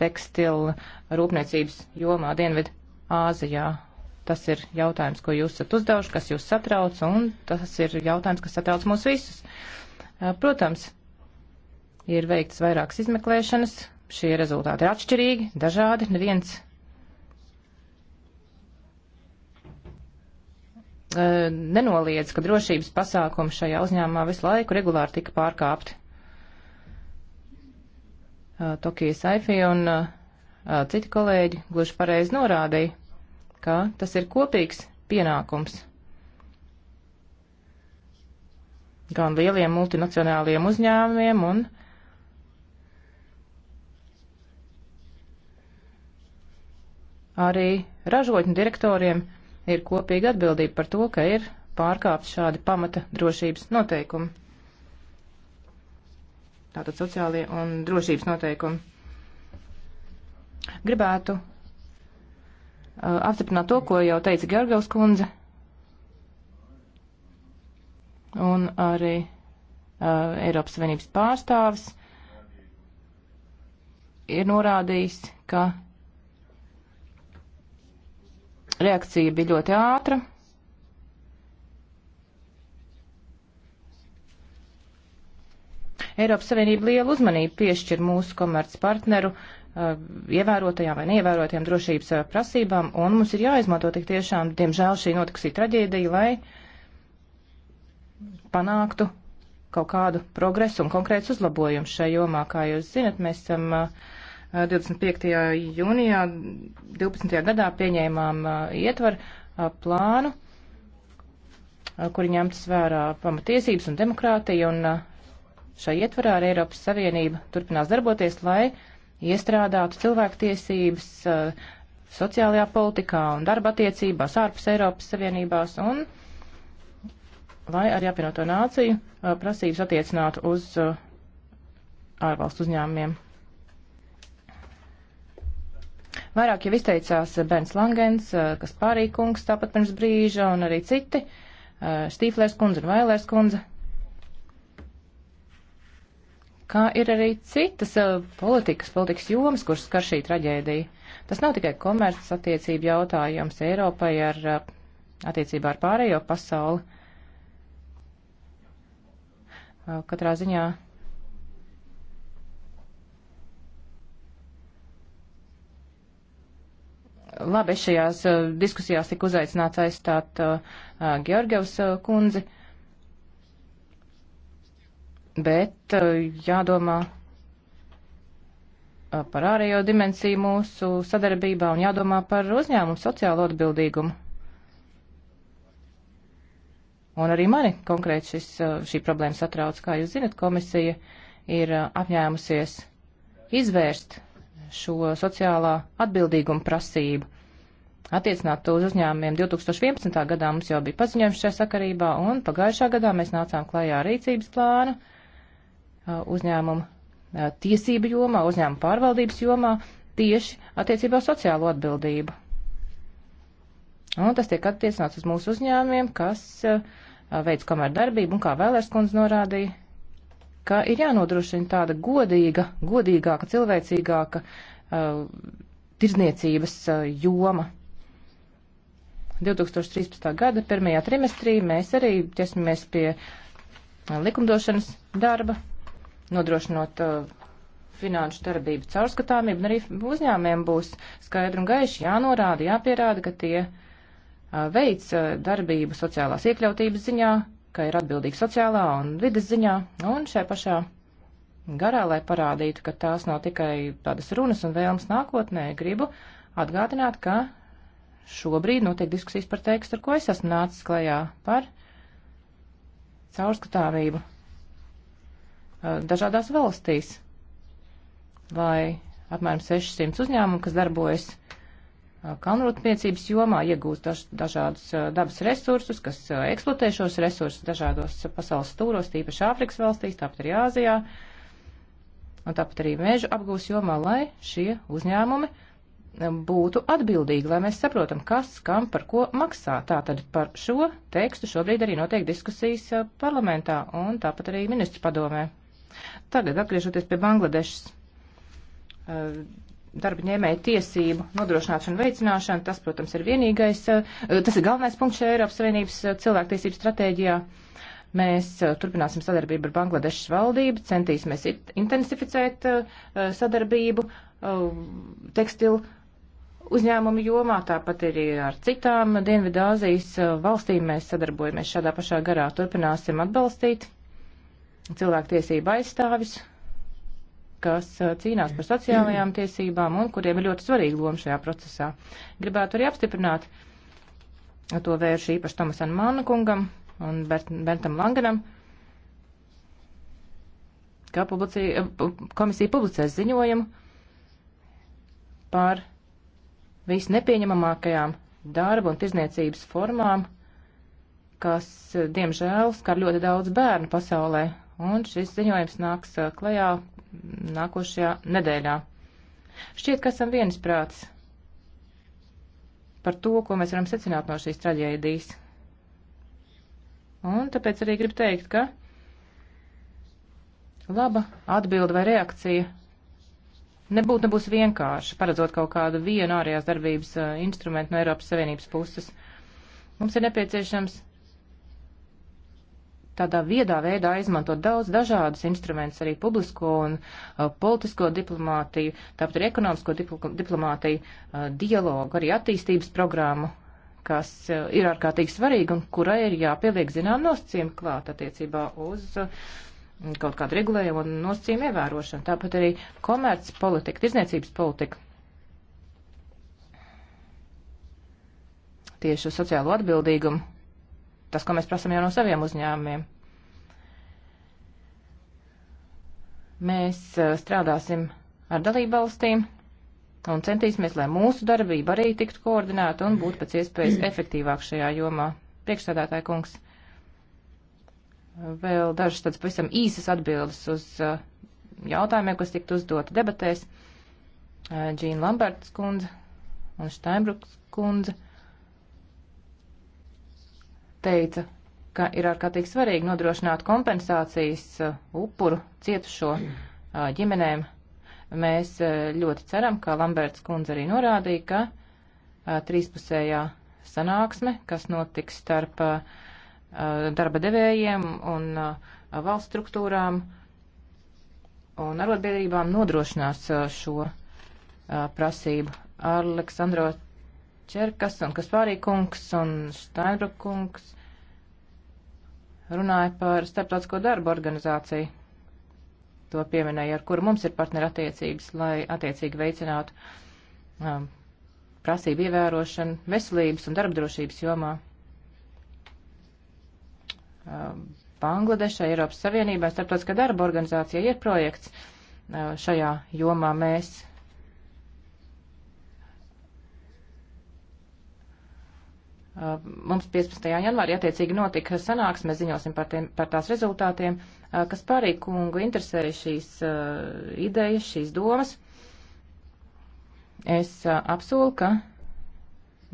tekstilu rūpniecības jomā Dienvidu Āzijā. Tas ir jautājums, ko jūs esat uzdevuši, kas jūs satrauc, un tas ir jautājums, kas satrauc mūs visus. Protams, ir veikts vairākas izmeklēšanas, šie rezultāti ir atšķirīgi, dažādi, neviens nenoliedz, ka drošības pasākumi šajā uzņēmumā visu laiku regulāri tika pārkāpti. Uh, Tokija Saifija un uh, uh, citi kolēģi gluži pareizi norādīja, ka tas ir kopīgs pienākums gan lieliem multinacionāliem uzņēmumiem un arī ražotņu direktoriem ir kopīga atbildība par to, ka ir pārkāpts šādi pamata drošības noteikumi tātad sociālie un drošības noteikumi. Gribētu uh, apstiprināt to, ko jau teica Georgievs kundze, un arī uh, Eiropas Savienības pārstāvis ir norādījis, ka reakcija bija ļoti ātra, Eiropas Savienība lielu uzmanību piešķir mūsu komerc partneru eh, ievērotajām vai neievērotajām drošības eh, prasībām, un mums ir jāizmanto tik tiešām, diemžēl, šī notikusī traģēdija, lai panāktu kaut kādu progresu un konkrēts uzlabojums šajā jomā. Kā jūs zinat, mēs esam 25. Eh, jūnijā 12. gadā pieņēmām ietvaru plānu, kuri ņemtas vērā pamatiesības un demokrātija, un Šai ietvarā ar Eiropas Savienību turpinās darboties, lai iestrādātu cilvēktiesības eh, sociālajā politikā un darba attiecībās ārpus Eiropas Savienībās un lai arī apvienoto nāciju eh, prasības attiecinātu uz eh, ārvalstu uzņēmumiem. Vairāk jau izteicās Bens Langens, kas pārīkungs tāpat pirms brīža, un arī citi, Štīflērs kundze un Vailērs kundze ka ir arī citas eh, politikas, politikas jomas, kuras skar šī traģēdija. Tas nav tikai komerces attiecību jautājums Eiropai ar eh, attiecībā ar pārējo pasauli. Eh, katrā ziņā labi, es šajās diskusijās tiku uzaicināts aizstāt Georgievs kundzi. Uh, bet eh, jādomā eh, par ārējo dimensiju mūsu sadarbībā un jādomā par uzņēmumu sociālo atbildīgumu. Un arī mani konkrēti šis, eh, šī problēma satrauc, kā jūs zinat, komisija ir apņēmusies izvērst šo sociālā atbildīguma prasību. Attiecināt to uz uzņēmumiem 2011. gadā mums jau bija paziņojums šajā sakarībā, un pagājušā gadā mēs nācām klajā rīcības plānu, uh, uzņēmumu tiesību jomā, uzņēmumu pārvaldības jomā tieši attiecībā sociālo atbildību. Un tas tiek attiecināts uz mūsu uzņēmumiem, kas veids kamēr darbību un kā vēlēs kundze norādīja, ka ir jānodrošina tāda godīga, godīgāka, cilvēcīgāka uh, tirzniecības uh, joma. 2013. gada pirmajā trimestrī mēs arī ķersimies pie likumdošanas darba, nodrošinot uh, finanšu darbību caurskatāmību, un arī uzņēmiem būs skaidri un gaiši jānorāda, jāpierāda, ka tie uh, veids uh, darbību sociālās iekļautības ziņā, ka ir atbildīgi sociālā un vidas ziņā, un šai pašā garā, lai parādītu, ka tās nav tikai tādas runas un vēlmes nākotnē, gribu atgādināt, ka šobrīd notiek diskusijas par tekstu, ar ko es esmu nācis klajā par caurskatāmību dažādās valstīs, lai apmēram 600 uzņēmumu, kas darbojas kalnrūpniecības jomā, iegūst daž, dažādus dabas resursus, kas eksploatē šos resursus dažādos pasaules stūros, tīpaši Āfrikas valstīs, tāpat arī Āzijā, un tāpat arī mēžu apgūs jomā, lai šie uzņēmumi būtu atbildīgi, lai mēs saprotam, kas kam par ko maksā. Tātad par šo tekstu šobrīd arī notiek diskusijas parlamentā un tāpat arī ministru padomē. Tagad atgriežoties pie Bangladešas eh, darba ņēmēja tiesību nodrošināšanu veicināšanu, tas, protams, ir vienīgais, eh, tas ir galvenais punkts šajā Eiropas Savienības eh, cilvēktiesību stratēģijā. Mēs turpināsim sadarbību ar Bangladešas valdību, centīsimies intensificēt sadarbību tekstilu uzņēmumu jomā, tāpat arī ar citām Dienvidāzijas valstīm mēs sadarbojamies šādā pašā garā. Turpināsim atbalstīt cilvēktiesība aizstāvis, kas uh, cīnās par sociālajām tiesībām un kuriem ir ļoti svarīga loma šajā procesā. Gribētu arī apstiprināt to vēršu īpaši Tomasam Mānakungam un Bertam Langanam, ka publicī, eh, komisija publicēs ziņojumu par visnepieņemamākajām darba un tirzniecības formām, kas, eh, diemžēl, skar ļoti daudz bērnu pasaulē un šis ziņojums nāks uh, klajā nākošajā nedēļā. Šķiet, ka esam viensprāts par to, ko mēs varam secināt no šīs traģēdijas. Un tāpēc arī gribu teikt, ka laba atbilde vai reakcija nebūtu nebūs vienkārši, paredzot kaut kādu vienu ārējās darbības uh, instrumentu no Eiropas Savienības puses. Mums ir nepieciešams tādā viedā veidā izmantot daudz dažādus instrumentus, arī publisko un uh, politisko diplomātiju, tāpat arī ekonomisko dipl diplomātiju, uh, dialogu, arī attīstības programmu, kas uh, ir ārkārtīgi svarīga un kurai ir jāpieliek zinām nosacījumi klāt attiecībā uz. Uh, kaut kādu regulējumu un nosacījumu ievērošanu, tāpat arī komerc politika, tirzniecības politika. Tieši uz sociālo atbildīgumu tas, ko mēs prasam jau no saviem uzņēmumiem. Mēs strādāsim ar dalībvalstīm un centīsimies, lai mūsu darbība arī tiktu koordinēta un būtu pēc iespējas efektīvāk šajā jomā. Priekšstādātāja kungs, vēl dažas tādas pavisam īsas atbildes uz jautājumiem, kas tiktu uzdoti debatēs. Džīna Lamberts kundze un Steinbruks kundze teica, ka ir ārkārtīgi svarīgi nodrošināt kompensācijas uh, upuru cietušo uh, ģimenēm. Mēs uh, ļoti ceram, kā Lamberts kundze arī norādīja, ka trīspusējā sanāksme, kas notiks starp darba devējiem un valsts struktūrām un arotbiedrībām, nodrošinās šo prasību. Aleksandro Čerkas un Kaspārī kungs un Steinbruk kungs runāja par starptautisko darbu organizāciju. To pieminēja, ar kuru mums ir partnerattiecības, lai attiecīgi veicinātu um, prasību ievērošanu veselības un darbdrošības jomā. Um, Bangladešai, Eiropas Savienībai, starptautiskā darba organizācija ir projekts. Uh, šajā jomā mēs Uh, mums 15. janvārī attiecīgi notika sanāksme, ziņosim par, tiem, par tās rezultātiem, uh, kas pārī kungu interesēja šīs uh, idejas, šīs domas. Es apsolu, ka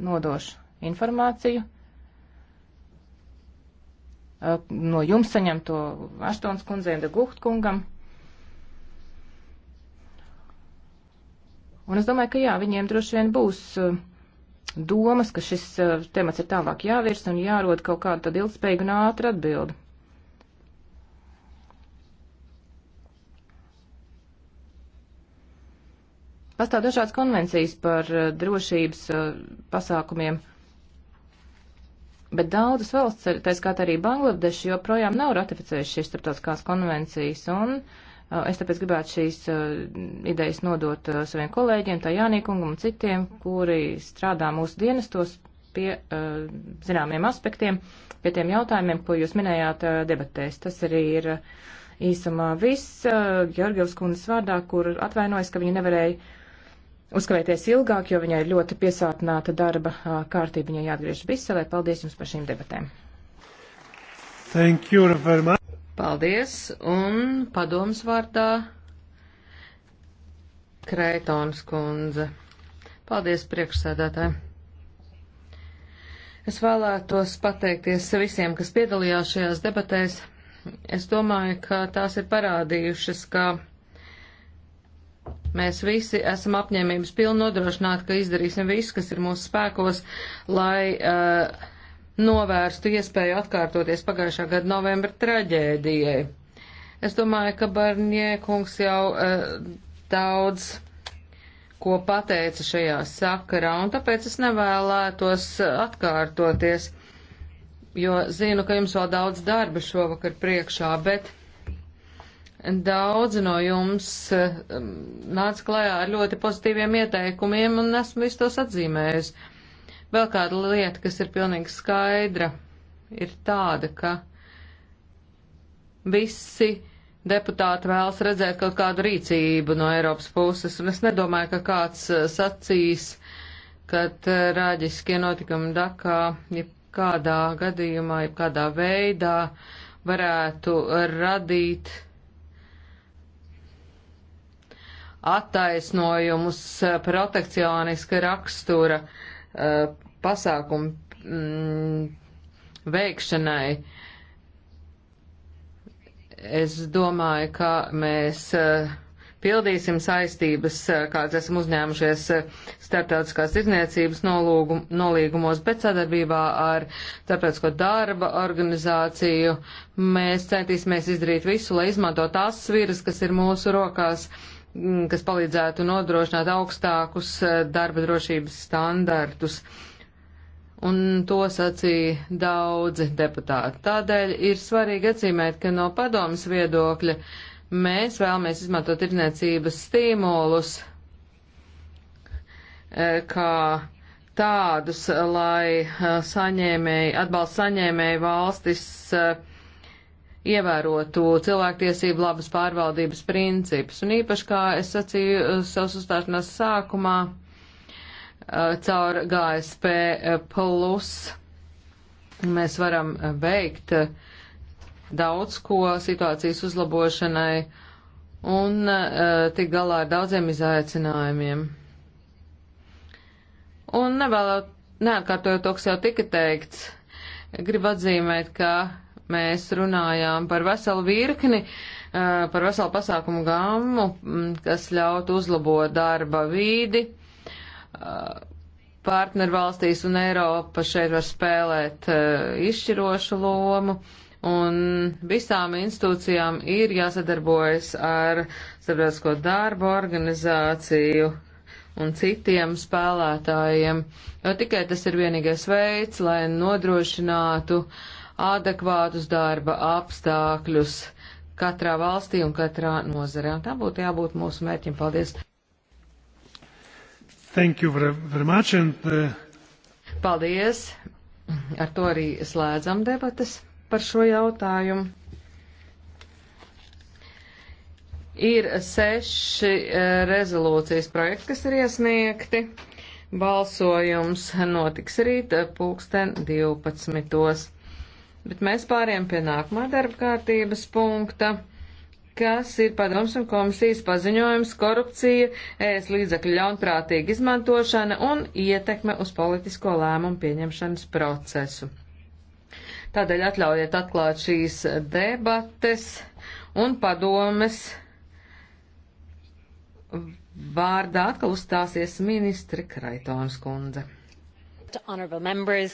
nodošu informāciju no jums saņemto Aštons kundzei un Deguht kungam. Un es domāju, ka jā, viņiem droši vien būs uh, domas, ka šis eh, temats ir tālāk jāvirs un jārod kaut kāda tad ilgspējīga un ātra atbildi. Pastāv dažādas konvencijas par eh, drošības eh, pasākumiem, bet daudzas valsts, tā skaitā arī Bangladeša, joprojām nav ratificējušas šīs starptautiskās konvencijas, un Uh, es tāpēc gribētu šīs uh, idejas nodot uh, saviem kolēģiem, tā Jānīkungam un citiem, kuri strādā mūsu dienestos pie zināmiem aspektiem, pie tiem jautājumiem, ko jūs minējāt debatēs. Tas arī ir īsumā viss Georgievs kundas vārdā, kur atvainojas, ka viņa nevarēja uzkavēties ilgāk, jo viņai ir ļoti piesātināta darba kārtība, viņai jāatgriež Briselē. Paldies jums par šīm debatēm. Thank you very much. Paldies, un padoms vārdā Kreitons kundze. Paldies, priekšsēdētāji. Es vēlētos pateikties visiem, kas piedalījās šajās debatēs. Es domāju, ka tās ir parādījušas, ka Mēs visi esam apņēmības pilni nodrošināt, ka izdarīsim visu, kas ir mūsu spēkos, lai uh, novērstu iespēju atkārtoties pagājušā gada novembra traģēdijai. Es domāju, ka Barņiekungs jau uh, daudz ko pateica šajā sakarā, un tāpēc es nevēlētos atkārtoties, jo zinu, ka jums vēl daudz darba šovakar priekšā, bet daudzi no jums eh, nāca klajā ar ļoti pozitīviem ieteikumiem, un esmu visus tos atzīmējusi. Vēl kāda lieta, kas ir pilnīgi skaidra, ir tāda, ka visi deputāti vēlas redzēt kaut kādu rīcību no Eiropas puses, un es nedomāju, ka kāds uh, sacīs, ka traģiskie uh, notikumi Dakā, ja kādā gadījumā, ja kādā veidā varētu uh, radīt attaisnojumus protekcioniska rakstura uh, Uh, pasākumu mm, veikšanai. Es domāju, ka mēs uh, pildīsim saistības, uh, kādas esam uzņēmušies starptautiskās tirdzniecības nolīgumos, bet sadarbībā ar starptautisko darba organizāciju mēs centīsimies izdarīt visu, lai izmanto tās sviras, kas ir mūsu rokās, uh, Mm, kas palīdzētu nodrošināt augstākus eh, darba drošības standartus. Un to sacīja daudzi deputāti. Tādēļ ir svarīgi atzīmēt, ka no padomas viedokļa mēs vēlamies izmantot tirniecības stimulus eh, kā tādus, lai eh, saņēmēji, atbalsta saņēmēji valstis uh, ievērotu cilvēktiesību labas pārvaldības principus. Un īpaši, kā es sacīju eh, savas uzstāšanās sākumā, eh, caur GSP eh, plus mēs varam veikt daudz ko situācijas uzlabošanai un tik galā ar daudziem izaicinājumiem. Un nevēlēt, neatkārtojot to, kas jau tika teikts, gribu atzīmēt, ka mēs runājām par veselu virkni, par veselu pasākumu gāmu, kas ļautu uzlabot darba vīdi. Partnervalstīs un Eiropa šeit var spēlēt izšķirošu lomu, un visām institūcijām ir jāsadarbojas ar starptautisko darbu organizāciju un citiem spēlētājiem, jo tikai tas ir vienīgais veids, lai nodrošinātu uh, adekvātus darba apstākļus katrā valstī un katrā nozarē. Un tam būtu jābūt mūsu mērķim. Paldies! Thank you very, very much and, uh... Paldies! Ar to arī slēdzam debatas par šo jautājumu. Ir seši uh, rezolūcijas projekti, kas ir iesniegti. Balsojums notiks rīt uh, pulksten 12. Bet mēs pāriem pie nākamā darba kārtības punkta, kas ir padoms un komisijas paziņojums korupcija, ēst līdzakļu ļaunprātīga izmantošana un ietekme uz politisko lēmumu pieņemšanas procesu. Tādēļ atļaujiet atklāt šīs debates un padomes. Vārdā atkal uzstāsies ministri Kraitons kundze.